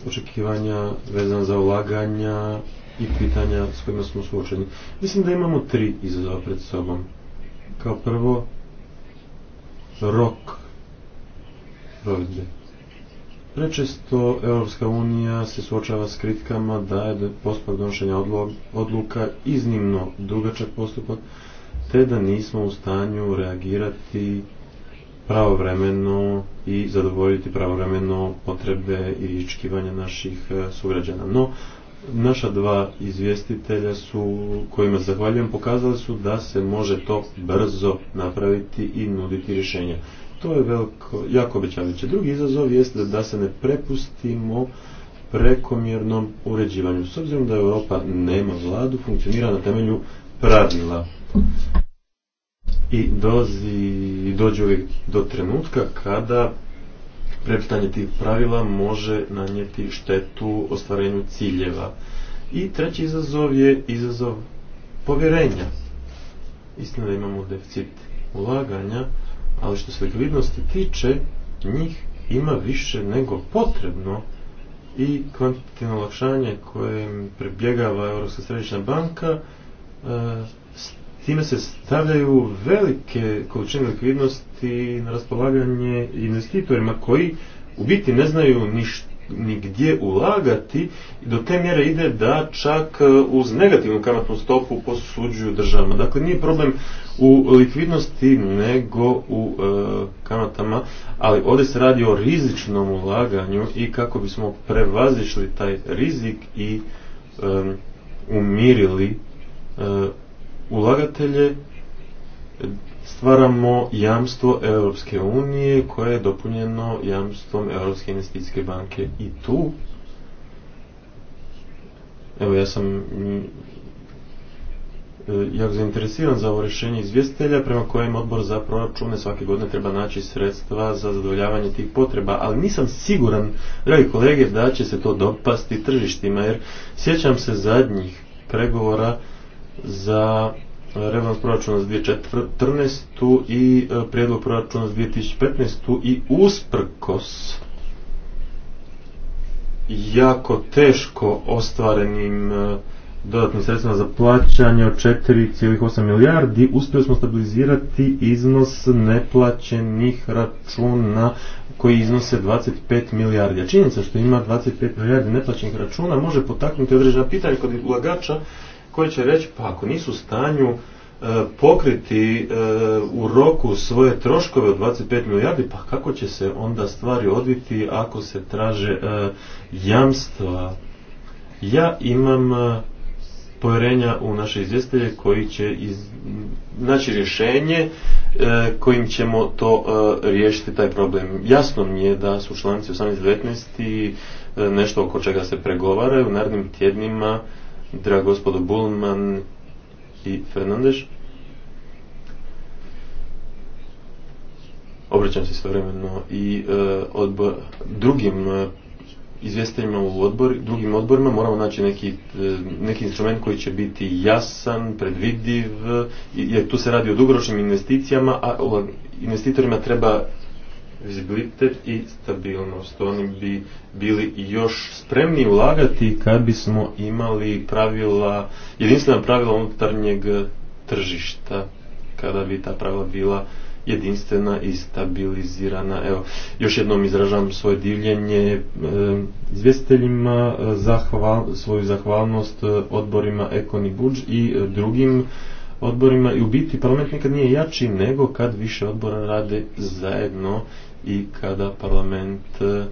očekivanja vezana za ulaganja i pitanja s kojima smo suočeni. Mislim da imamo tri izazova pred sobom. Kao prvo, rok provedbe Prečesto Europska unija se suočava s kritikama da je postupak donošenja odluka iznimno dugačak postupak, te da nismo u stanju reagirati pravovremeno i zadovoljiti pravovremeno potrebe i iščekivanja naših e, sugrađana. No, naša dva izvjestitelja su, kojima zahvaljujem, pokazali su da se može to brzo napraviti i nuditi rješenja. To je veliko, jako obećavajuće. Drugi izazov jest da, se ne prepustimo prekomjernom uređivanju. S obzirom da Europa nema vladu, funkcionira na temelju pravila. I dozi, dođe do trenutka kada prepitanje tih pravila može nanijeti štetu ostvarenju ciljeva. I treći izazov je izazov povjerenja. Istina da imamo deficit ulaganja, ali što se likvidnosti tiče, njih ima više nego potrebno i kvantitivno olakšanje kojem prebjegava Europska središnja banka, e, s time se stavljaju velike količine likvidnosti na raspolaganje investitorima koji u biti ne znaju ništa nigdje ulagati i do te mjere ide da čak e, uz negativnu kamatnu stopu posuđuju državama. Dakle, nije problem u likvidnosti nego u e, kamatama, ali ovdje se radi o rizičnom ulaganju i kako bismo prevazišli taj rizik i e, umirili e, ulagatelje stvaramo jamstvo Europske unije koje je dopunjeno jamstvom Europske investicijske banke i tu evo ja sam mm, e, jako zainteresiran za ovo rješenje izvjestitelja prema kojem odbor za proračune svake godine treba naći sredstva za zadovoljavanje tih potreba, ali nisam siguran, dragi kolege, da će se to dopasti tržištima, jer sjećam se zadnjih pregovora za rebalans proračuna za 2014. i e, prijedlog proračuna za 2015. i usprkos jako teško ostvarenim e, dodatnim sredstvima za plaćanje od 4,8 milijardi uspjeli smo stabilizirati iznos neplaćenih računa koji iznose 25 milijardi. činjenica što ima 25 milijardi neplaćenih računa može potaknuti određena pitanja kod ulagača koji će reći pa ako nisu u stanju e, pokriti e, u roku svoje troškove od 25 milijardi, pa kako će se onda stvari odviti ako se traže e, jamstva? Ja imam povjerenja u naše izvjestelje koji će iz, naći rješenje kojim ćemo to riješiti taj problem. Jasno mi je da su članci 18.19. nešto oko čega se pregovaraju u narednim tjednima drag gospodo Bulman i Fernandeš. Obraćam se istovremeno i e, odbor, drugim e, izvjestiteljima u odbor, drugim odborima moramo naći neki, e, neki instrument koji će biti jasan, predvidiv, jer tu se radi o dugoročnim investicijama, a investitorima treba vizibilitet i stabilnost. Oni bi bili još spremni ulagati kad bismo imali pravila, jedinstvena pravila unutarnjeg tržišta, kada bi ta pravila bila jedinstvena i stabilizirana. Evo, još jednom izražavam svoje divljenje e, izvjestiteljima, zahval, svoju zahvalnost e, odborima Ekon i i e, drugim odborima i u biti parlament nikad nije jači nego kad više odbora rade zajedno i kada parlament e,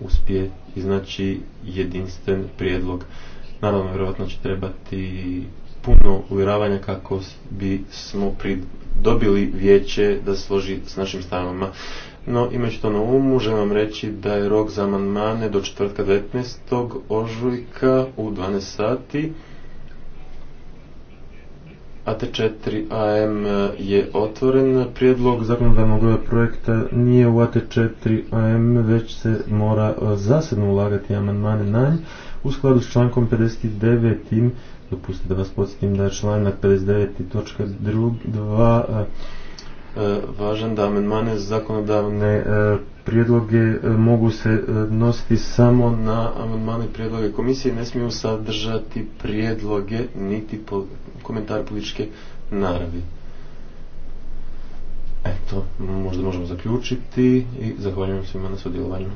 uspije iznaći jedinstven prijedlog. Naravno, vjerojatno će trebati puno uvjeravanja kako bi smo dobili vijeće da složi s našim stavovima. No, imajući to na umu, želim vam reći da je rok za amandmane do četvrtka 19. ožujka u 12 sati. AT4AM je otvoren. Prijedlog zakonodavnog projekta nije u AT4AM, već se mora e, zasadno ulagati amandmane na nj. U skladu s člankom 59. Dopustite da vas podsjetim da je članak 59. točka 2 e, e, važan da amandmane zakonodavne prijedloge e, mogu se e, nositi samo na amandmane prijedloge komisije ne smiju sadržati prijedloge niti komentar političke naravi. Eto, možda možemo zaključiti i zahvaljujem svima na sudjelovanju.